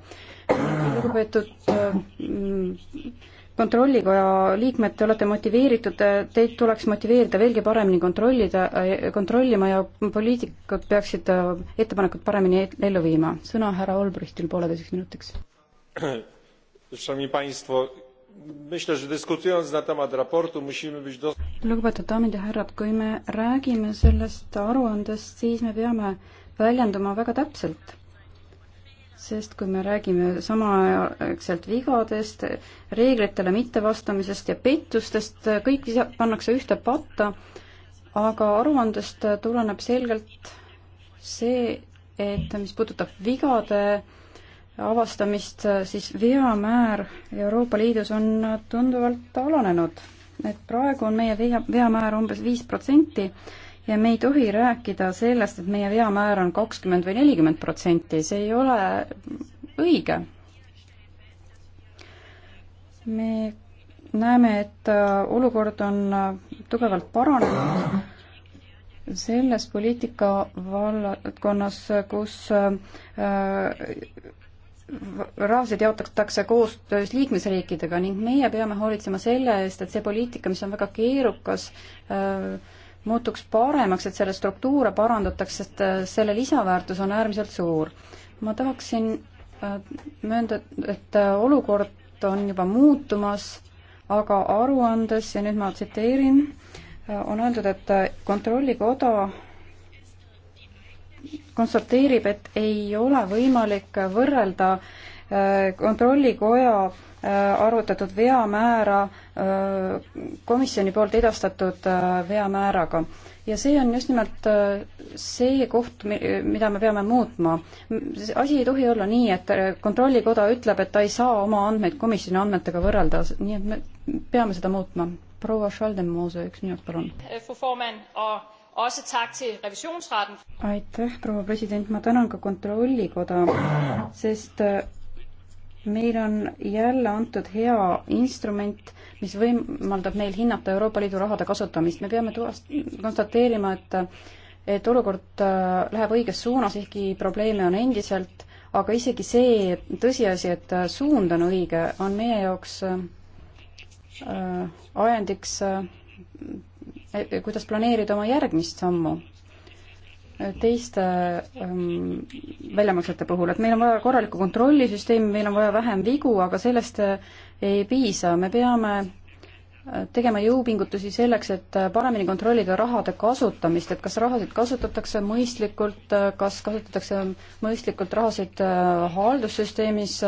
lugupeetud äh, kontrollikoja liikmed, te olete motiveeritud, teid tuleks motiveerida veelgi paremini kontrollida, äh, kontrollima ja poliitikud peaksid äh, ettepanekud paremini ellu viima. sõna härra Olbrichtil pooleteiseks minutiks myślę, że dyskutując na temat raportu musimy być dos- lugupeetud daamid ja härrad, kui me räägime sellest aruandest, siis me peame väljenduma väga täpselt. sest kui me räägime samaaegselt vigadest, reeglitele mittevastamisest ja pettustest, kõik pannakse ühte patta, aga aruandest tuleneb selgelt see, et mis puudutab vigade avastamist, siis veamäär Euroopa Liidus on tunduvalt alanenud. et praegu on meie vea, veamäär umbes viis protsenti ja me ei tohi rääkida sellest, et meie veamäär on kakskümmend või nelikümmend protsenti, see ei ole õige. me näeme, et olukord on tugevalt paranenud selles poliitika valdkonnas, kus äh, rahasid jaotatakse koostöös liikmesriikidega ning meie peame hoolitsema selle eest, et see poliitika, mis on väga keerukas, äh, muutuks paremaks, et selle struktuure parandataks, sest äh, selle lisaväärtus on äärmiselt suur. ma tahaksin äh, möönda, et olukord on juba muutumas, aga aruandes, ja nüüd ma tsiteerin, on öeldud, et Kontrollikoda konstateerib, et ei ole võimalik võrrelda äh, kontrollikoja äh, arvutatud veamäära äh, komisjoni poolt edastatud veamääraga. ja see on just nimelt see koht, mida me peame muutma. asi ei tohi olla nii, et kontrollikoda ütleb, et ta ei saa oma andmeid komisjoni andmetega võrrelda, nii et me peame seda muutma. proua Schaldemose, üks minut, palun. Også tak til revisionsretten. aitäh, proua president, ma tänan ka Kontrollikoda, sest äh, meil on jälle antud hea instrument, mis võimaldab meil hinnata Euroopa Liidu rahade kasutamist. me peame tuvast-, konstateerima, et et olukord äh, läheb õiges suunas, ehkki probleeme on endiselt, aga isegi see tõsiasi, et äh, suund on õige, on meie jaoks äh, ajendiks äh, kuidas planeerida oma järgmist sammu teiste ähm, väljamaksete puhul, et meil on vaja korralikku kontrollisüsteemi, meil on vaja vähem vigu, aga sellest äh, ei piisa, me peame äh, tegema jõupingutusi selleks, et äh, paremini kontrollida rahade kasutamist, et kas rahasid kasutatakse mõistlikult, kas kasutatakse mõistlikult rahasid haldussüsteemis,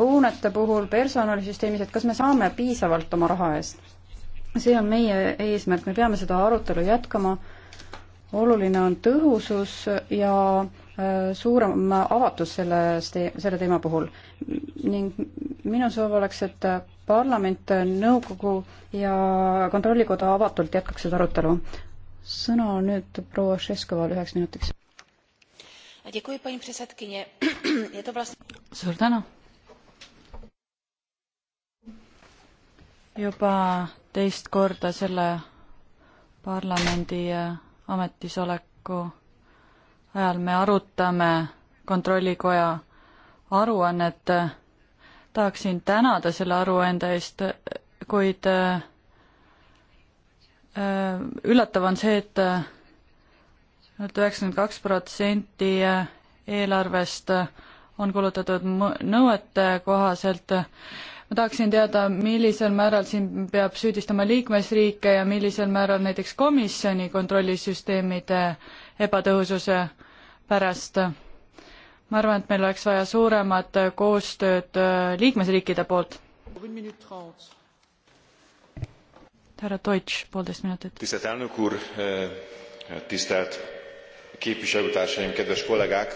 hoonete puhul, personalisüsteemis, et kas me saame piisavalt oma raha eest see on meie eesmärk, me peame seda arutelu jätkama, oluline on tõhusus ja äh, suurem avatus selle, selle teema puhul. ning minu soov oleks, et parlament, nõukogu ja kontrollikoda avatult jätkaks seda arutelu. sõna on nüüd proua Šeskoval üheks minutiks. suur tänu. juba teist korda selle parlamendi äh, ametisoleku ajal me arutame kontrollikoja aruannet. tahaksin tänada selle aruande eest, kuid äh, äh, üllatav on see et, et üheksakümmend kaks protsenti eelarvest on kulutatud nõuete kohaselt ma tahaksin teada, millisel määral siin peab süüdistama liikmesriike ja millisel määral näiteks komisjoni kontrollisüsteemide ebatõhususe pärast. ma arvan, et meil oleks vaja suuremat koostööd äh, liikmesriikide poolt. härra Deutsch, poolteist minutit. tisztelt elnök úr, tisztelt képviselőtársaim, kedves kollégák!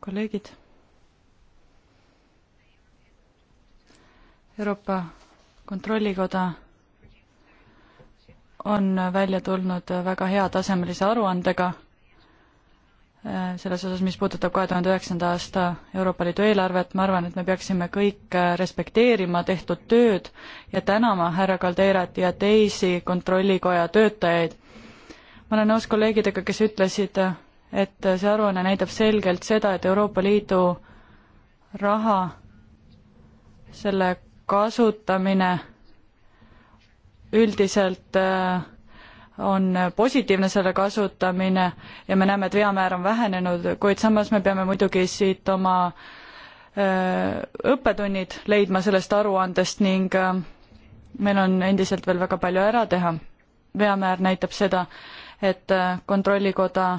kolleegid Euroopa Kontrollikoda on välja tulnud väga heatasemelise aruandega eh, selles osas, mis puudutab kahe tuhande üheksanda aasta Euroopa Liidu eelarvet, ma arvan, et me peaksime kõik eh, respekteerima tehtud tööd ja tänama härra Kalderat ja teisi Kontrollikoja töötajaid. ma olen nõus kolleegidega, kes ütlesid, et see aruanne näitab selgelt seda, et Euroopa Liidu raha selle kasutamine üldiselt äh, on positiivne selle kasutamine ja me näeme, et veamäär on vähenenud, kuid samas me peame muidugi siit oma äh, õppetunnid leidma sellest aruandest ning äh, meil on endiselt veel väga palju ära teha. veamäär näitab seda, et Kontrollikoda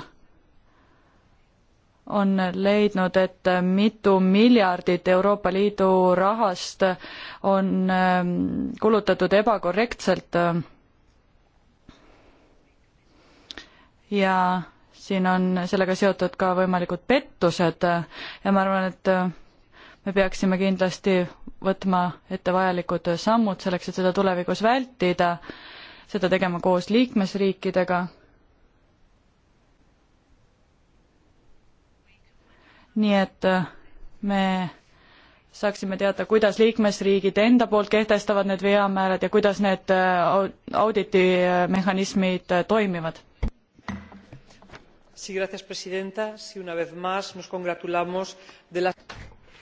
on leidnud, et mitu miljardit Euroopa Liidu rahast on ähm, kulutatud ebakorrektselt. ja siin on sellega seotud ka võimalikud pettused ja ma arvan, et me peaksime kindlasti võtma ette vajalikud sammud selleks, et seda tulevikus vältida, seda tegema koos liikmesriikidega nii et äh, me saaksime teada, kuidas liikmesriigid enda poolt kehtestavad need veamäärad ja kuidas need äh, auditi äh, mehhanismid toimivad.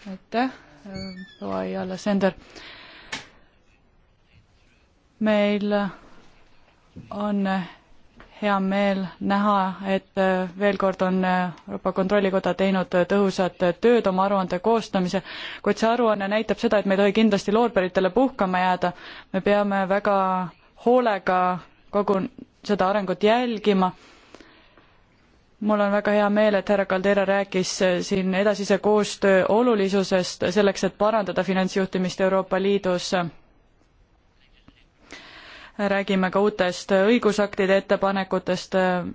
aitäh, proua Ayala Sender. meil on hea meel näha, et äh, veel kord on äh, Euroopa Kontrollikoda teinud äh, tõhusat tööd oma aruande koostamise, kuid see aruanne näitab seda, et me ei tohi kindlasti loorberitele puhkama jääda. me peame väga hoolega kogu seda arengut jälgima. mul on väga hea meel, et härra Caldera rääkis siin edasise koostöö olulisusest selleks, et parandada finantsjuhtimist Euroopa Liidus räägime ka uutest õigusaktide ettepanekutest,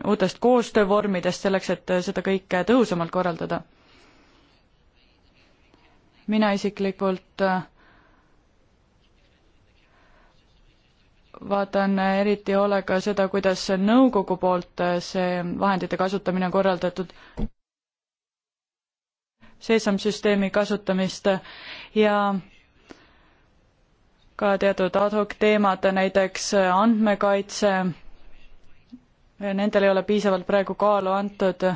uutest koostöövormidest selleks, et seda kõike tõhusamalt korraldada. mina isiklikult äh, vaatan eriti hoolega seda, kuidas nõukogu poolt äh, see vahendite kasutamine on korraldatud, seesamsüsteemi kasutamist ja ka teatud ad hoc teemad, näiteks andmekaitse, nendel ei ole piisavalt praegu kaalu antud,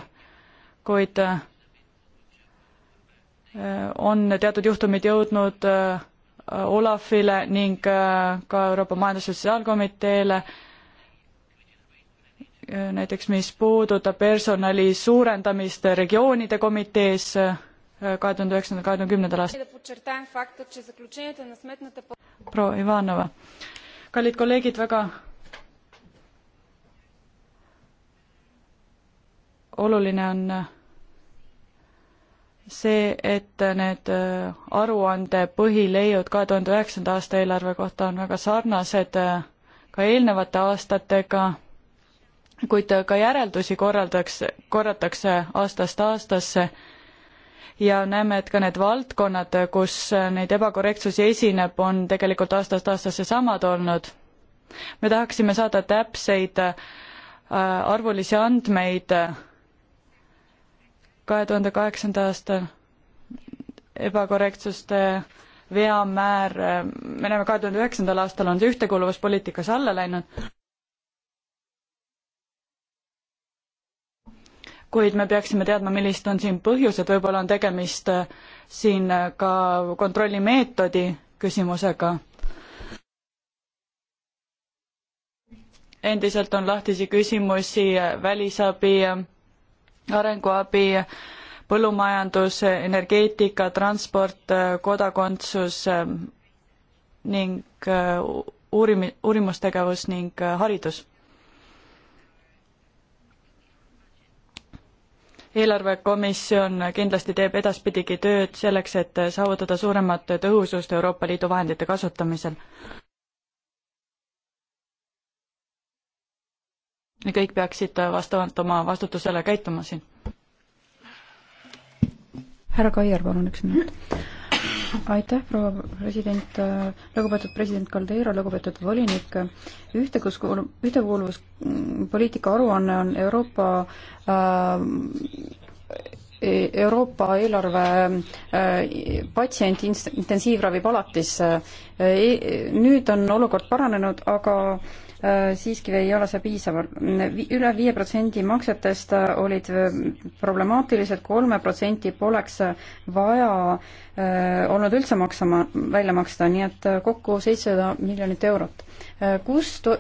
kuid eh, on teatud juhtumid jõudnud eh, Olafile ning eh, ka Euroopa Majandus- ja Sotsiaalkomiteele, näiteks mis puudutab personali suurendamist regioonide komitees, kahe tuhande üheksandal, kahe tuhande kümnendal aastal. proua Ivanova, kallid kolleegid, väga oluline on see, et need aruande põhileiud kahe tuhande üheksanda aasta eelarve kohta on väga sarnased ka eelnevate aastatega, kuid ka järeldusi korraldaks, korratakse aastast aastasse ja näeme, et ka need valdkonnad, kus neid ebakorrektsusi esineb, on tegelikult aastast aastasse samad olnud. me tahaksime saada täpseid äh, arvulisi andmeid kahe tuhande kaheksanda aasta ebakorrektsuste veamäär, äh, me näeme, kahe tuhande üheksandal aastal on see ühtekuuluvuspoliitikas alla läinud kuid me peaksime teadma, millised on siin põhjused, võib-olla on tegemist äh, siin äh, ka kontrollimeetodi küsimusega. endiselt on lahtisi küsimusi äh, välisabi, arenguabi, põllumajandus, energeetika, transport, kodakondsus ning uurimi-, uurimustegevus ning haridus eelarvekomisjon kindlasti teeb edaspidigi tööd selleks, et saavutada suuremat tõhusust Euroopa Liidu vahendite kasutamisel. kõik peaksid vastavalt oma vastutusele käituma siin. härra Kaier, palun üks minut aitäh, proua president, äh, lugupeetud president Caldeira, lugupeetud volinik. ühtekus, ühtekuuluvuspoliitika aruanne on Euroopa äh, e-, Euroopa eelarve äh, patsient intensiivravipalatis äh,. E-, nüüd on olukord paranenud, aga äh, Äh, siiski ei ole see piisav üle. üle viie protsendi maksetest äh, olid äh, problemaatilised, kolme protsenti poleks vaja olnud üldse maksama, välja maksta, nii et kokku seitsesada miljonit eurot. kus to-,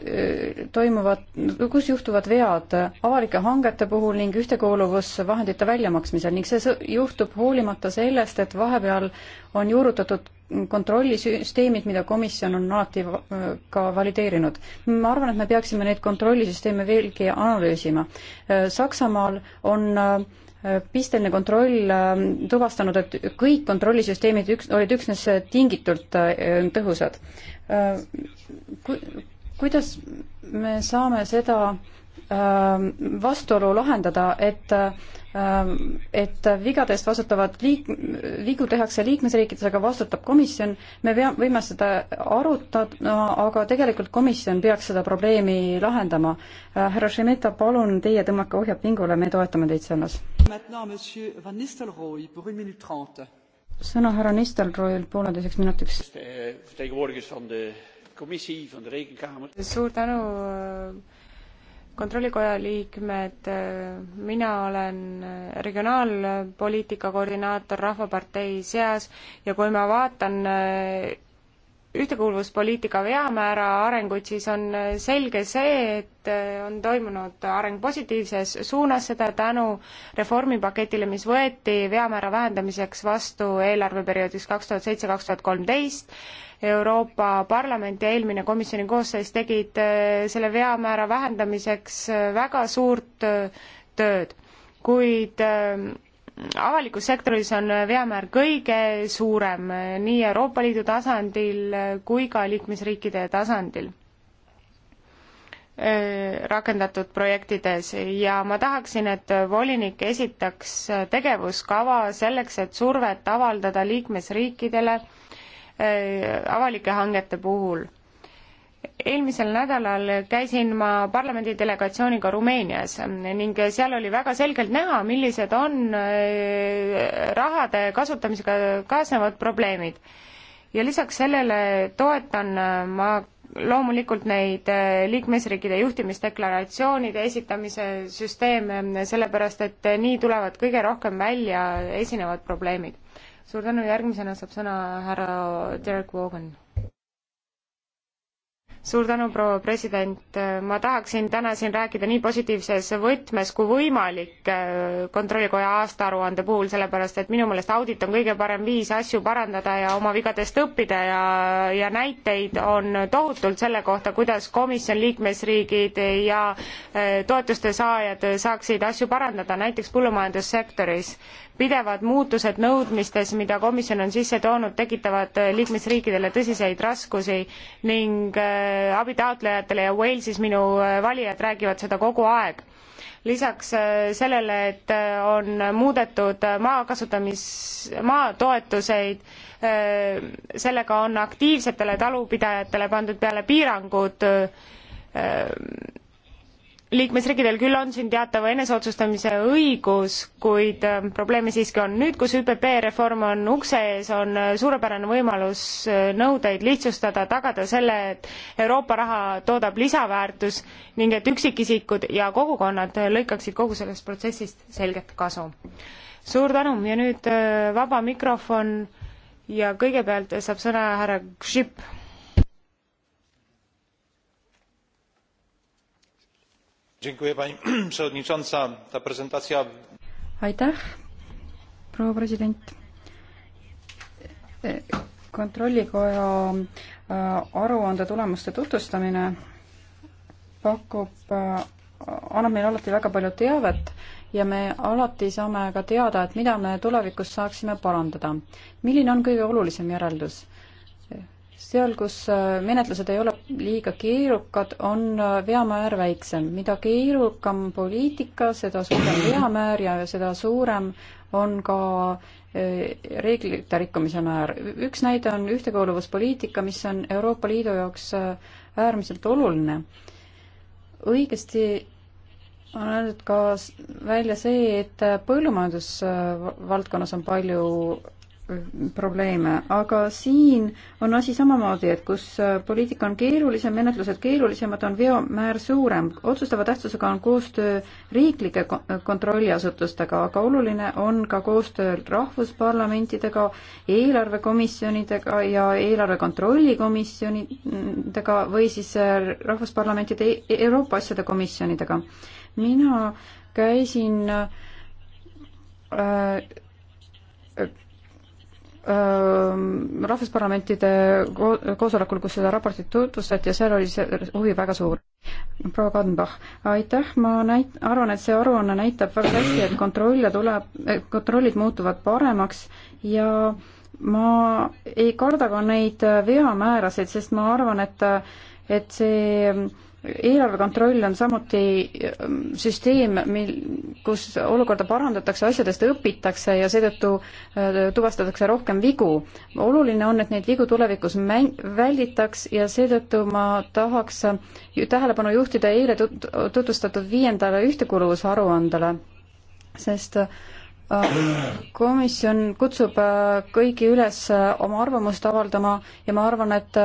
toimuvad, kus juhtuvad vead avalike hangete puhul ning ühtekuuluvusvahendite väljamaksmisel ning see juhtub hoolimata sellest, et vahepeal on juurutatud kontrollisüsteemid, mida komisjon on alati äh, ka valideerinud. ma arvan, et me peaksime neid kontrollisüsteeme veelgi analüüsima. Äh, Saksamaal on äh, pisteline kontroll tuvastanud, et kõik kontrollisüsteemid üks, olid üksnes tingitult tõhusad. Ku-, kuidas me saame seda Ähm, vastuolu lahendada, et ähm, et vigadest vastutavad liik-, vigu tehakse liikmesriikides, aga vastutab komisjon, me pea-, võime seda arutada no,, aga tegelikult komisjon peaks seda probleemi lahendama. Äh, härra Šemeta, palun teie tõmmake ohjad pingule, me toetame teid selles. sõna härra Nistelrooil pooleteiseks minutiks. Eh, suur tänu kontrollikoja liikmed, mina olen regionaalpoliitika koordinaator Rahvapartei seas ja kui ma vaatan ühtekuuluvuspoliitika veamäära arenguid, siis on selge see, et eh, on toimunud areng positiivses suunas, seda tänu reformipaketile, mis võeti veamäära vähendamiseks vastu eelarveperioodiks kaks tuhat seitse, kaks tuhat kolmteist. Euroopa Parlament ja eelmine komisjoni koosseis tegid eh, selle veamäära vähendamiseks eh, väga suurt tööd, kuid avalikus sektoris on veamäär kõige suurem nii Euroopa Liidu tasandil kui ka liikmesriikide tasandil äh, rakendatud projektides ja ma tahaksin, et volinik esitaks tegevuskava selleks, et survet avaldada liikmesriikidele äh, avalike hangete puhul eelmisel nädalal käisin ma parlamendi delegatsiooniga Rumeenias ning seal oli väga selgelt näha, millised on äh, rahade kasutamisega kaasnevad probleemid. ja lisaks sellele toetan äh, ma loomulikult neid äh, liikmesriikide juhtimisdeklaratsioonide esitamise süsteeme, sellepärast et nii tulevad kõige rohkem välja esinevad probleemid. suur tänu, järgmisena saab sõna härra Derek Vaughan suur tänu, proua president, ma tahaksin täna siin rääkida nii positiivses võtmes kui võimalik äh, Kontrollikoja aastaaruande puhul, sellepärast et minu meelest audit on kõige parem viis asju parandada ja oma vigadest õppida ja, ja näiteid on tohutult selle kohta, kuidas komisjon, liikmesriigid ja äh, toetuste saajad saaksid asju parandada, näiteks põllumajandussektoris pidevad muutused nõudmistes, mida komisjon on sisse toonud, tekitavad äh, liikmesriikidele tõsiseid raskusi ning äh, abitaotlejatele ja Walesis minu äh, valijad räägivad seda kogu aeg. lisaks sellele, et on muudetud maa kasutamis, maatoetuseid, sellega on aktiivsetele talupidajatele pandud peale piirangud liikmesriikidel küll on siin teatav eneseotsustamise õigus, kuid ähm, probleeme siiski on. nüüd, kus ÜPP reform on ukse ees, on äh, suurepärane võimalus äh, nõudeid lihtsustada, tagada selle, et Euroopa raha toodab lisaväärtus ning et üksikisikud ja kogukonnad äh, lõikaksid kogu sellest protsessist selget kasu. suur tänu ja nüüd vaba mikrofon ja kõigepealt saab sõna härra Gžip aitäh, proua president. kontrollikoja äh, aruande tulemuste tutvustamine pakub, äh, annab meile alati väga palju teavet ja me alati saame ka teada, et mida me tulevikus saaksime parandada. milline on kõige olulisem järeldus? seal, kus äh, menetlused ei ole liiga keerukad, on äh, veamäär väiksem. mida keerukam poliitika, seda suurem veamäär ja seda suurem on ka äh, reeglite rikkumise määr. üks näide on ühtekuuluvuspoliitika, mis on Euroopa Liidu jaoks äh, äärmiselt oluline. õigesti on öeldud ka välja see, et põllumajandusvaldkonnas on palju probleeme, aga siin on asi samamoodi, et kus äh, poliitika on keerulisem, menetlused keerulisemad, on veomäär suurem. otsustava tähtsusega on koostöö riiklike äh, kontrolliasutustega, aga oluline on ka koostöö rahvusparlamentidega, eelarvekomisjonidega ja eelarve kontrollikomisjonidega või siis äh, rahvusparlamentide e-, e-, Euroopa asjade komisjonidega. mina käisin äh, Ähm, rahvusparlamentide koosolekul, kus seda raportit tutvustati ja seal oli see huvi väga suur. proua Kadenbach, aitäh, ma näit-, arvan, et see aruanne näitab väga hästi, et kontrolle tuleb, kontrollid muutuvad paremaks ja ma ei karda ka neid veamäärasid, sest ma arvan, et, et see eelarvekontroll on samuti ähm, süsteem, mil, kus olukorda parandatakse, asjadest õpitakse ja seetõttu äh, tuvastatakse rohkem vigu. oluline on, et neid vigu tulevikus mäng-, välditaks ja seetõttu ma tahaks äh, tähelepanu juhtida eile tut-, tutvustatud viiendale ühtekuuluvusaruandele, sest äh, komisjon kutsub kõigi üles oma arvamust avaldama ja ma arvan, et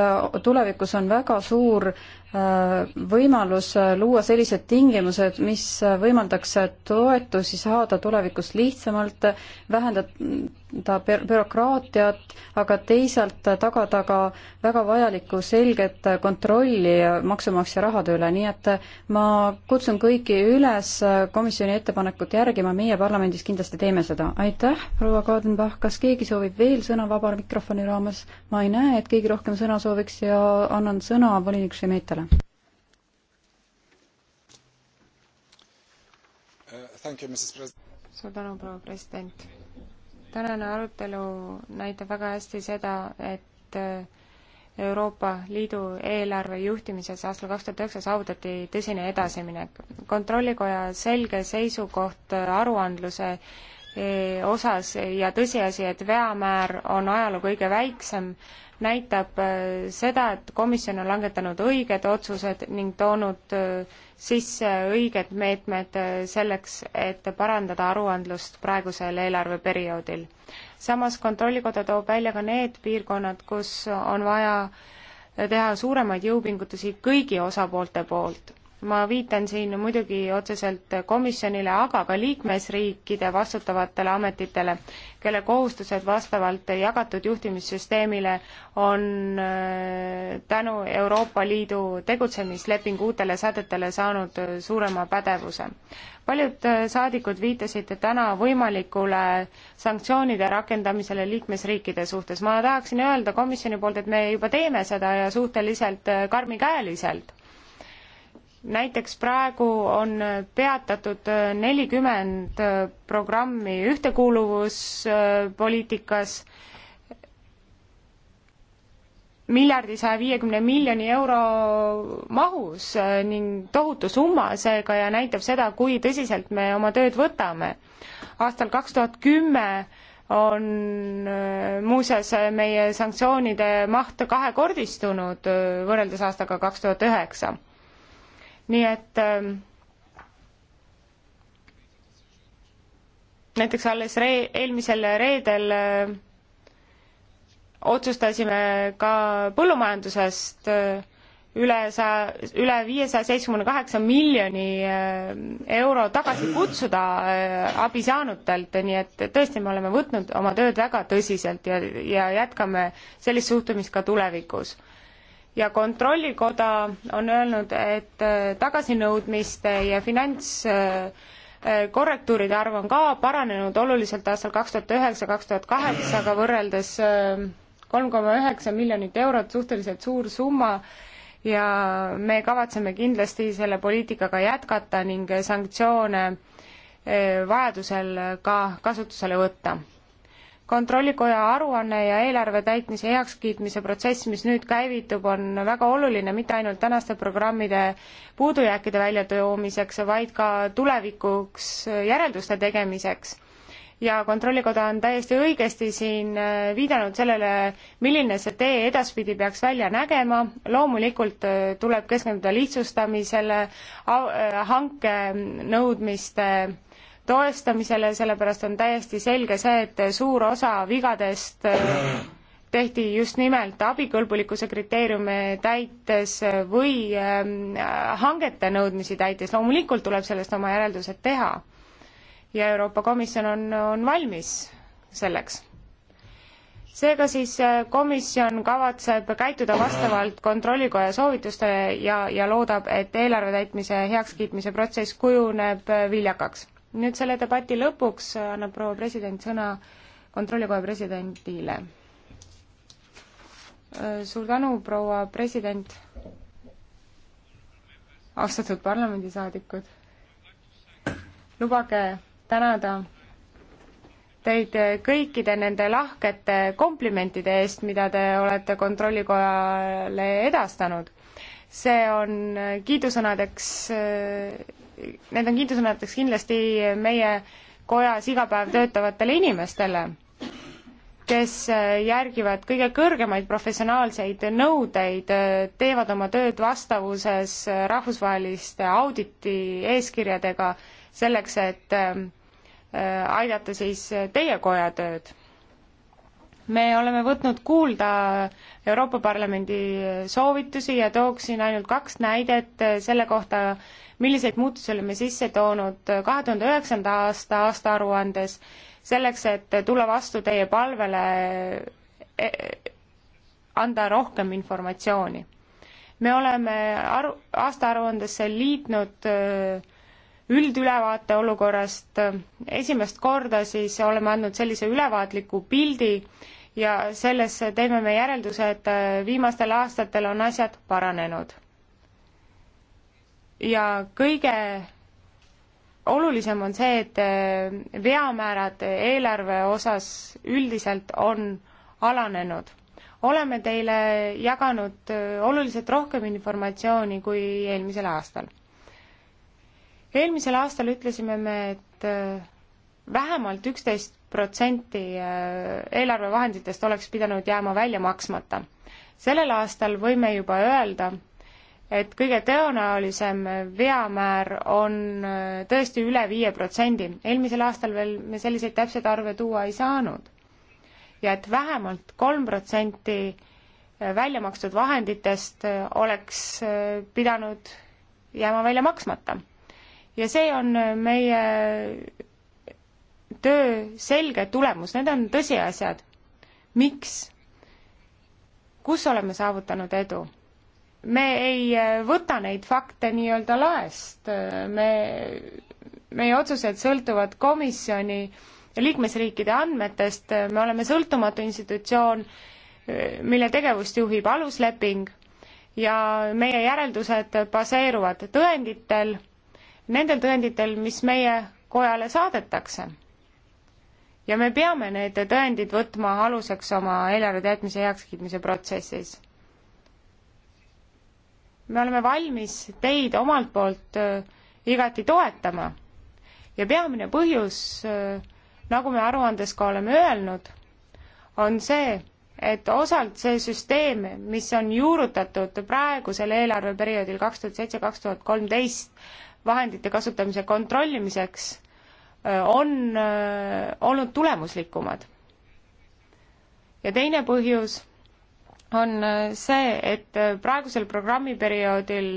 tulevikus on väga suur äh, võimalus luua sellised tingimused, mis võimaldaks toetusi saada tulevikus lihtsamalt, vähendada bürokraatiat, aga teisalt tagada ka väga vajalikku selget kontrolli maksumaksja rahade üle, nii et ma kutsun kõiki üles komisjoni ettepanekut järgima, meie parlamendis kindlasti teeme seda. aitäh, proua Kadenbach, kas keegi soovib veel sõna vaba mikrofoni raames? ma ei näe, et keegi rohkem sõna sooviks ja annan sõna volinik Šemetale teile. suur tänu, proua president. tänane arutelu näitab väga hästi seda, et äh, Euroopa Liidu eelarve juhtimises aastal kaks tuhat üheksa saavutati tõsine edasiminek. kontrollikoja selge seisukoht äh, aruandluse äh, osas ja tõsiasi, et veamäär on ajaloo kõige väiksem, näitab äh, seda, et komisjon on langetanud õiged otsused ning toonud äh, sisse õiged meetmed äh, selleks, et parandada aruandlust praegusel eelarveperioodil. samas Kontrollikoda toob välja ka need piirkonnad, kus on vaja teha suuremaid jõupingutusi kõigi osapoolte poolt ma viitan siin muidugi otseselt komisjonile, aga ka liikmesriikide vastutavatele ametitele, kelle kohustused vastavalt jagatud juhtimissüsteemile on äh, tänu Euroopa Liidu tegutsemislepingu uutele sätetele saanud suurema pädevuse. paljud äh, saadikud viitasid täna võimalikule sanktsioonide rakendamisele liikmesriikide suhtes. ma tahaksin öelda komisjoni poolt, et me juba teeme seda ja suhteliselt äh, karmikäeliselt näiteks praegu on peatatud nelikümmend programmi ühtekuuluvuspoliitikas, miljardi saja viiekümne miljoni euro mahus ning tohutu summa seega ja näitab seda, kui tõsiselt me oma tööd võtame. aastal kaks tuhat kümme on äh, muuseas meie sanktsioonide maht kahekordistunud äh, võrreldes aastaga kaks tuhat üheksa nii et ähm, näiteks alles ree-, eelmisel reedel äh, otsustasime ka põllumajandusest äh, üle saja, üle viiesaja seitsmekümne kaheksa miljoni äh, euro tagasi kutsuda abi saanutelt, nii et tõesti, me oleme võtnud oma tööd väga tõsiselt ja, ja jätkame sellist suhtumist ka tulevikus ja Kontrollikoda on öelnud, et äh, tagasinõudmiste ja finants äh, äh, korrektuuride arv on ka paranenud oluliselt aastal kaks tuhat üheksa, kaks tuhat kaheksa, aga võrreldes kolm koma üheksa miljonit eurot, suhteliselt suur summa, ja me kavatseme kindlasti selle poliitikaga jätkata ning sanktsioone vajadusel ka kasutusele võtta kontrollikoja aruanne ja eelarve täitmise heakskiitmise protsess, mis nüüd käivitub, on väga oluline mitte ainult tänaste programmide puudujääkide väljatoomiseks, vaid ka tulevikuks järelduste tegemiseks. ja Kontrollikoda on täiesti õigesti siin äh, viidanud sellele, milline see tee edaspidi peaks välja nägema, loomulikult äh, tuleb keskenduda lihtsustamisele, äh, hanke nõudmiste toestamisele, sellepärast on täiesti selge see, et suur osa vigadest äh, tehti just nimelt abikõlbulikkuse kriteeriume täites või ähm, hangete nõudmisi täites, loomulikult tuleb sellest oma järeldused teha. ja Euroopa Komisjon on, on valmis selleks seega siis äh, komisjon kavatseb käituda vastavalt kontrollikoja soovitustele ja, ja loodab, et eelarve täitmise heakskiitmise protsess kujuneb äh, viljakaks nüüd selle debati lõpuks annab proua president sõna kontrollikoja presidendile. suur tänu, proua president. austatud parlamendisaadikud. lubage tänada teid kõikide nende lahkete komplimentide eest, mida te olete Kontrollikojale edastanud. see on kiidusõnadeks need on kindlusõnadeks kindlasti meie kojas iga päev töötavatele inimestele, kes äh, järgivad kõige kõrgemaid professionaalseid nõudeid, äh, teevad oma tööd vastavuses äh, rahvusvaheliste auditi eeskirjadega selleks, et ähm, aidata siis teie koja tööd. me oleme võtnud kuulda Euroopa Parlamendi soovitusi ja tooksin ainult kaks näidet selle kohta, milliseid muutusi oleme sisse toonud kahe tuhande üheksanda aasta aastaaruandes selleks, et tulla vastu teie palvele e-, anda rohkem informatsiooni. me oleme aru, aastaaruandesse liitnud äh, üldülevaate olukorrast, esimest korda siis oleme andnud sellise ülevaatliku pildi ja selles teeme me järelduse, et äh, viimastel aastatel on asjad paranenud ja kõige olulisem on see, et äh, veamäärad eelarve osas üldiselt on alanenud. oleme teile jaganud äh, oluliselt rohkem informatsiooni kui eelmisel aastal. eelmisel aastal ütlesime me, et äh, vähemalt üksteist protsenti eelarvevahenditest oleks pidanud jääma välja maksmata. sellel aastal võime juba öelda, et kõige tõenäolisem veamäär on äh, tõesti üle viie protsendi. eelmisel aastal veel me selliseid täpseid arve tuua ei saanud. ja et vähemalt kolm protsenti äh, välja makstud vahenditest äh, oleks pidanud jääma välja maksmata. ja see on meie töö selge tulemus, need on tõsiasjad. miks? kus oleme saavutanud edu? me ei äh, võta neid fakte nii-öelda laest, me, meie otsused sõltuvad komisjoni ja liikmesriikide andmetest, me oleme sõltumatu institutsioon, äh, mille tegevust juhib alusleping ja meie järeldused baseeruvad tõenditel, nendel tõenditel, mis meie kojale saadetakse. ja me peame need tõendid võtma aluseks oma eelarve täitmise heakskiitmise protsessis me oleme valmis teid omalt poolt äh, igati toetama. ja peamine põhjus, äh, nagu me aruandes ka oleme öelnud, on see, et osalt see süsteem, mis on juurutatud praegusel eelarveperioodil kaks tuhat seitse, kaks tuhat kolmteist vahendite kasutamise kontrollimiseks, äh, on olnud tulemuslikumad. ja teine põhjus on äh, see, et äh, praegusel programmiperioodil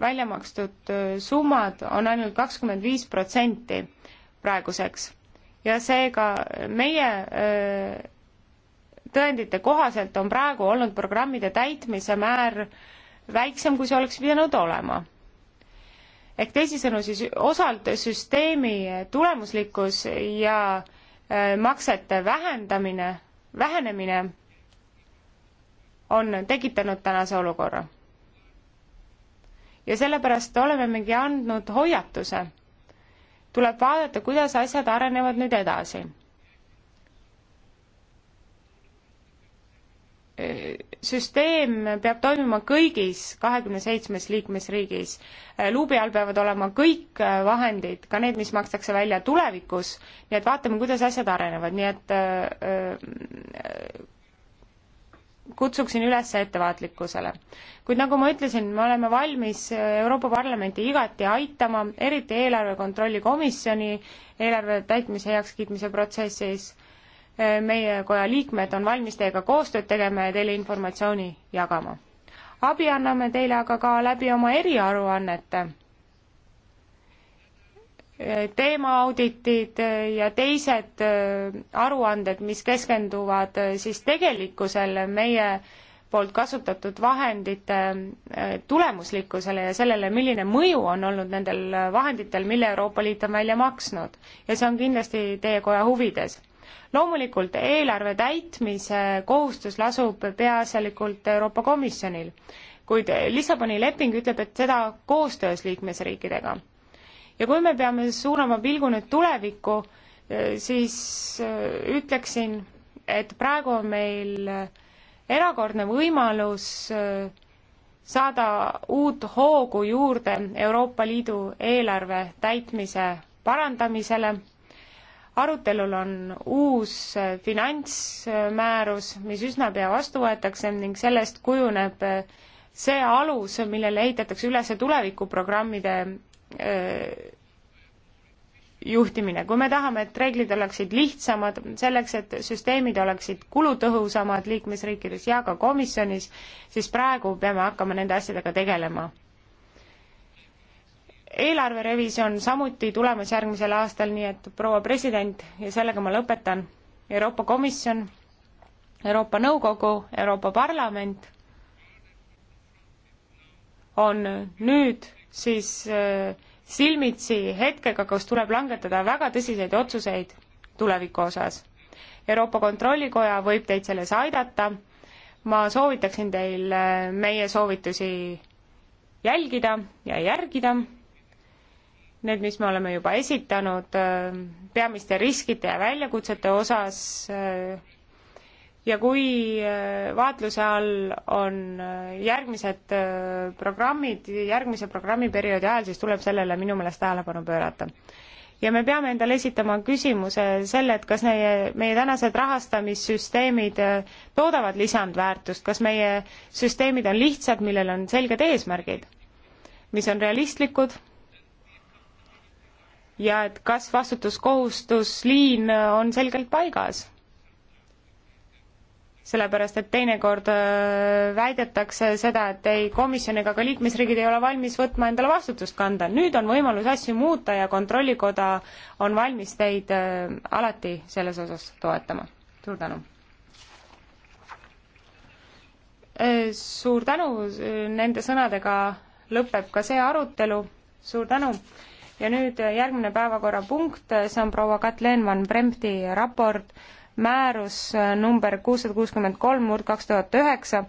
välja makstud äh, summad on ainult kakskümmend viis protsenti praeguseks ja seega meie tõendite kohaselt on praegu olnud programmide täitmise määr väiksem, kui see oleks pidanud olema. ehk teisisõnu siis osalt süsteemi tulemuslikkus ja maksete vähendamine, vähenemine on tekitanud tänase olukorra. ja sellepärast olemegi andnud hoiatuse. tuleb vaadata, kuidas asjad arenevad nüüd edasi. süsteem peab toimima kõigis kahekümne seitsmes liikmesriigis. luubi all peavad olema kõik vahendid, ka need, mis makstakse välja tulevikus, nii et vaatame, kuidas asjad arenevad, nii et öö, öö, kutsuksin üles ettevaatlikkusele. kuid nagu ma ütlesin, me oleme valmis Euroopa Parlamenti igati aitama, eriti eelarve kontrolli komisjoni eelarve täitmise heakskiitmise protsessis. meie koja liikmed on valmis teiega koostööd tegema ja teile informatsiooni jagama. abi anname teile aga ka läbi oma eriaruannete teemaauditid ja teised äh, aruanded, mis keskenduvad äh, siis tegelikkusele meie poolt kasutatud vahendite äh, tulemuslikkusele ja sellele, milline mõju on olnud nendel vahenditel, mille Euroopa Liit on välja maksnud. ja see on kindlasti teie koja huvides. loomulikult eelarve täitmise kohustus lasub peaasjalikult Euroopa Komisjonil, kuid Lissaboni leping ütleb, et seda koostöös liikmesriikidega ja kui me peame suunama pilgu nüüd tulevikku, eh, siis eh, ütleksin, et praegu on meil eh, erakordne võimalus saada uut hoogu juurde Euroopa Liidu eelarve täitmise parandamisele. arutelul on uus finantsmäärus, mis üsna pea vastu võetakse ning sellest kujuneb see alus, millele ehitatakse üles tulevikuprogrammide Äh, juhtimine, kui me tahame, et reeglid oleksid lihtsamad, selleks et süsteemid oleksid kulutõhusamad liikmesriikides ja ka komisjonis, siis praegu peame hakkama nende asjadega tegelema. eelarverevisjon samuti tulemas järgmisel aastal, nii et proua president, ja sellega ma lõpetan, Euroopa Komisjon, Euroopa Nõukogu, Euroopa Parlament on nüüd siis äh, silmitsi hetkega, kus tuleb langetada väga tõsiseid otsuseid tuleviku osas. Euroopa Kontrollikoja võib teid selles aidata, ma soovitaksin teil äh, meie soovitusi jälgida ja järgida, need, mis me oleme juba esitanud äh, peamiste riskide ja väljakutsete osas, ja kui äh, vaatluse all on äh, järgmised äh, programmid, järgmise programmiperioodi ajal, siis tuleb sellele minu meelest tähelepanu pöörata. ja me peame endale esitama küsimuse selle, et kas meie, meie tänased rahastamissüsteemid toodavad lisandväärtust, kas meie süsteemid on lihtsad, millel on selged eesmärgid, mis on realistlikud, ja et kas vastutuskohustusliin on selgelt paigas sellepärast et teinekord äh, väidetakse seda, et ei komisjon ega ka liikmesriigid ei ole valmis võtma endale vastutust kanda. nüüd on võimalus asju muuta ja Kontrollikoda on valmis teid äh, alati selles osas toetama. suur tänu! Äh, suur tänu, nende sõnadega lõpeb ka see arutelu, suur tänu! ja nüüd järgmine päevakorrapunkt, see on proua Katleen Van Bremti raport määrus äh, number kuussada kuuskümmend kolm murd kaks tuhat üheksa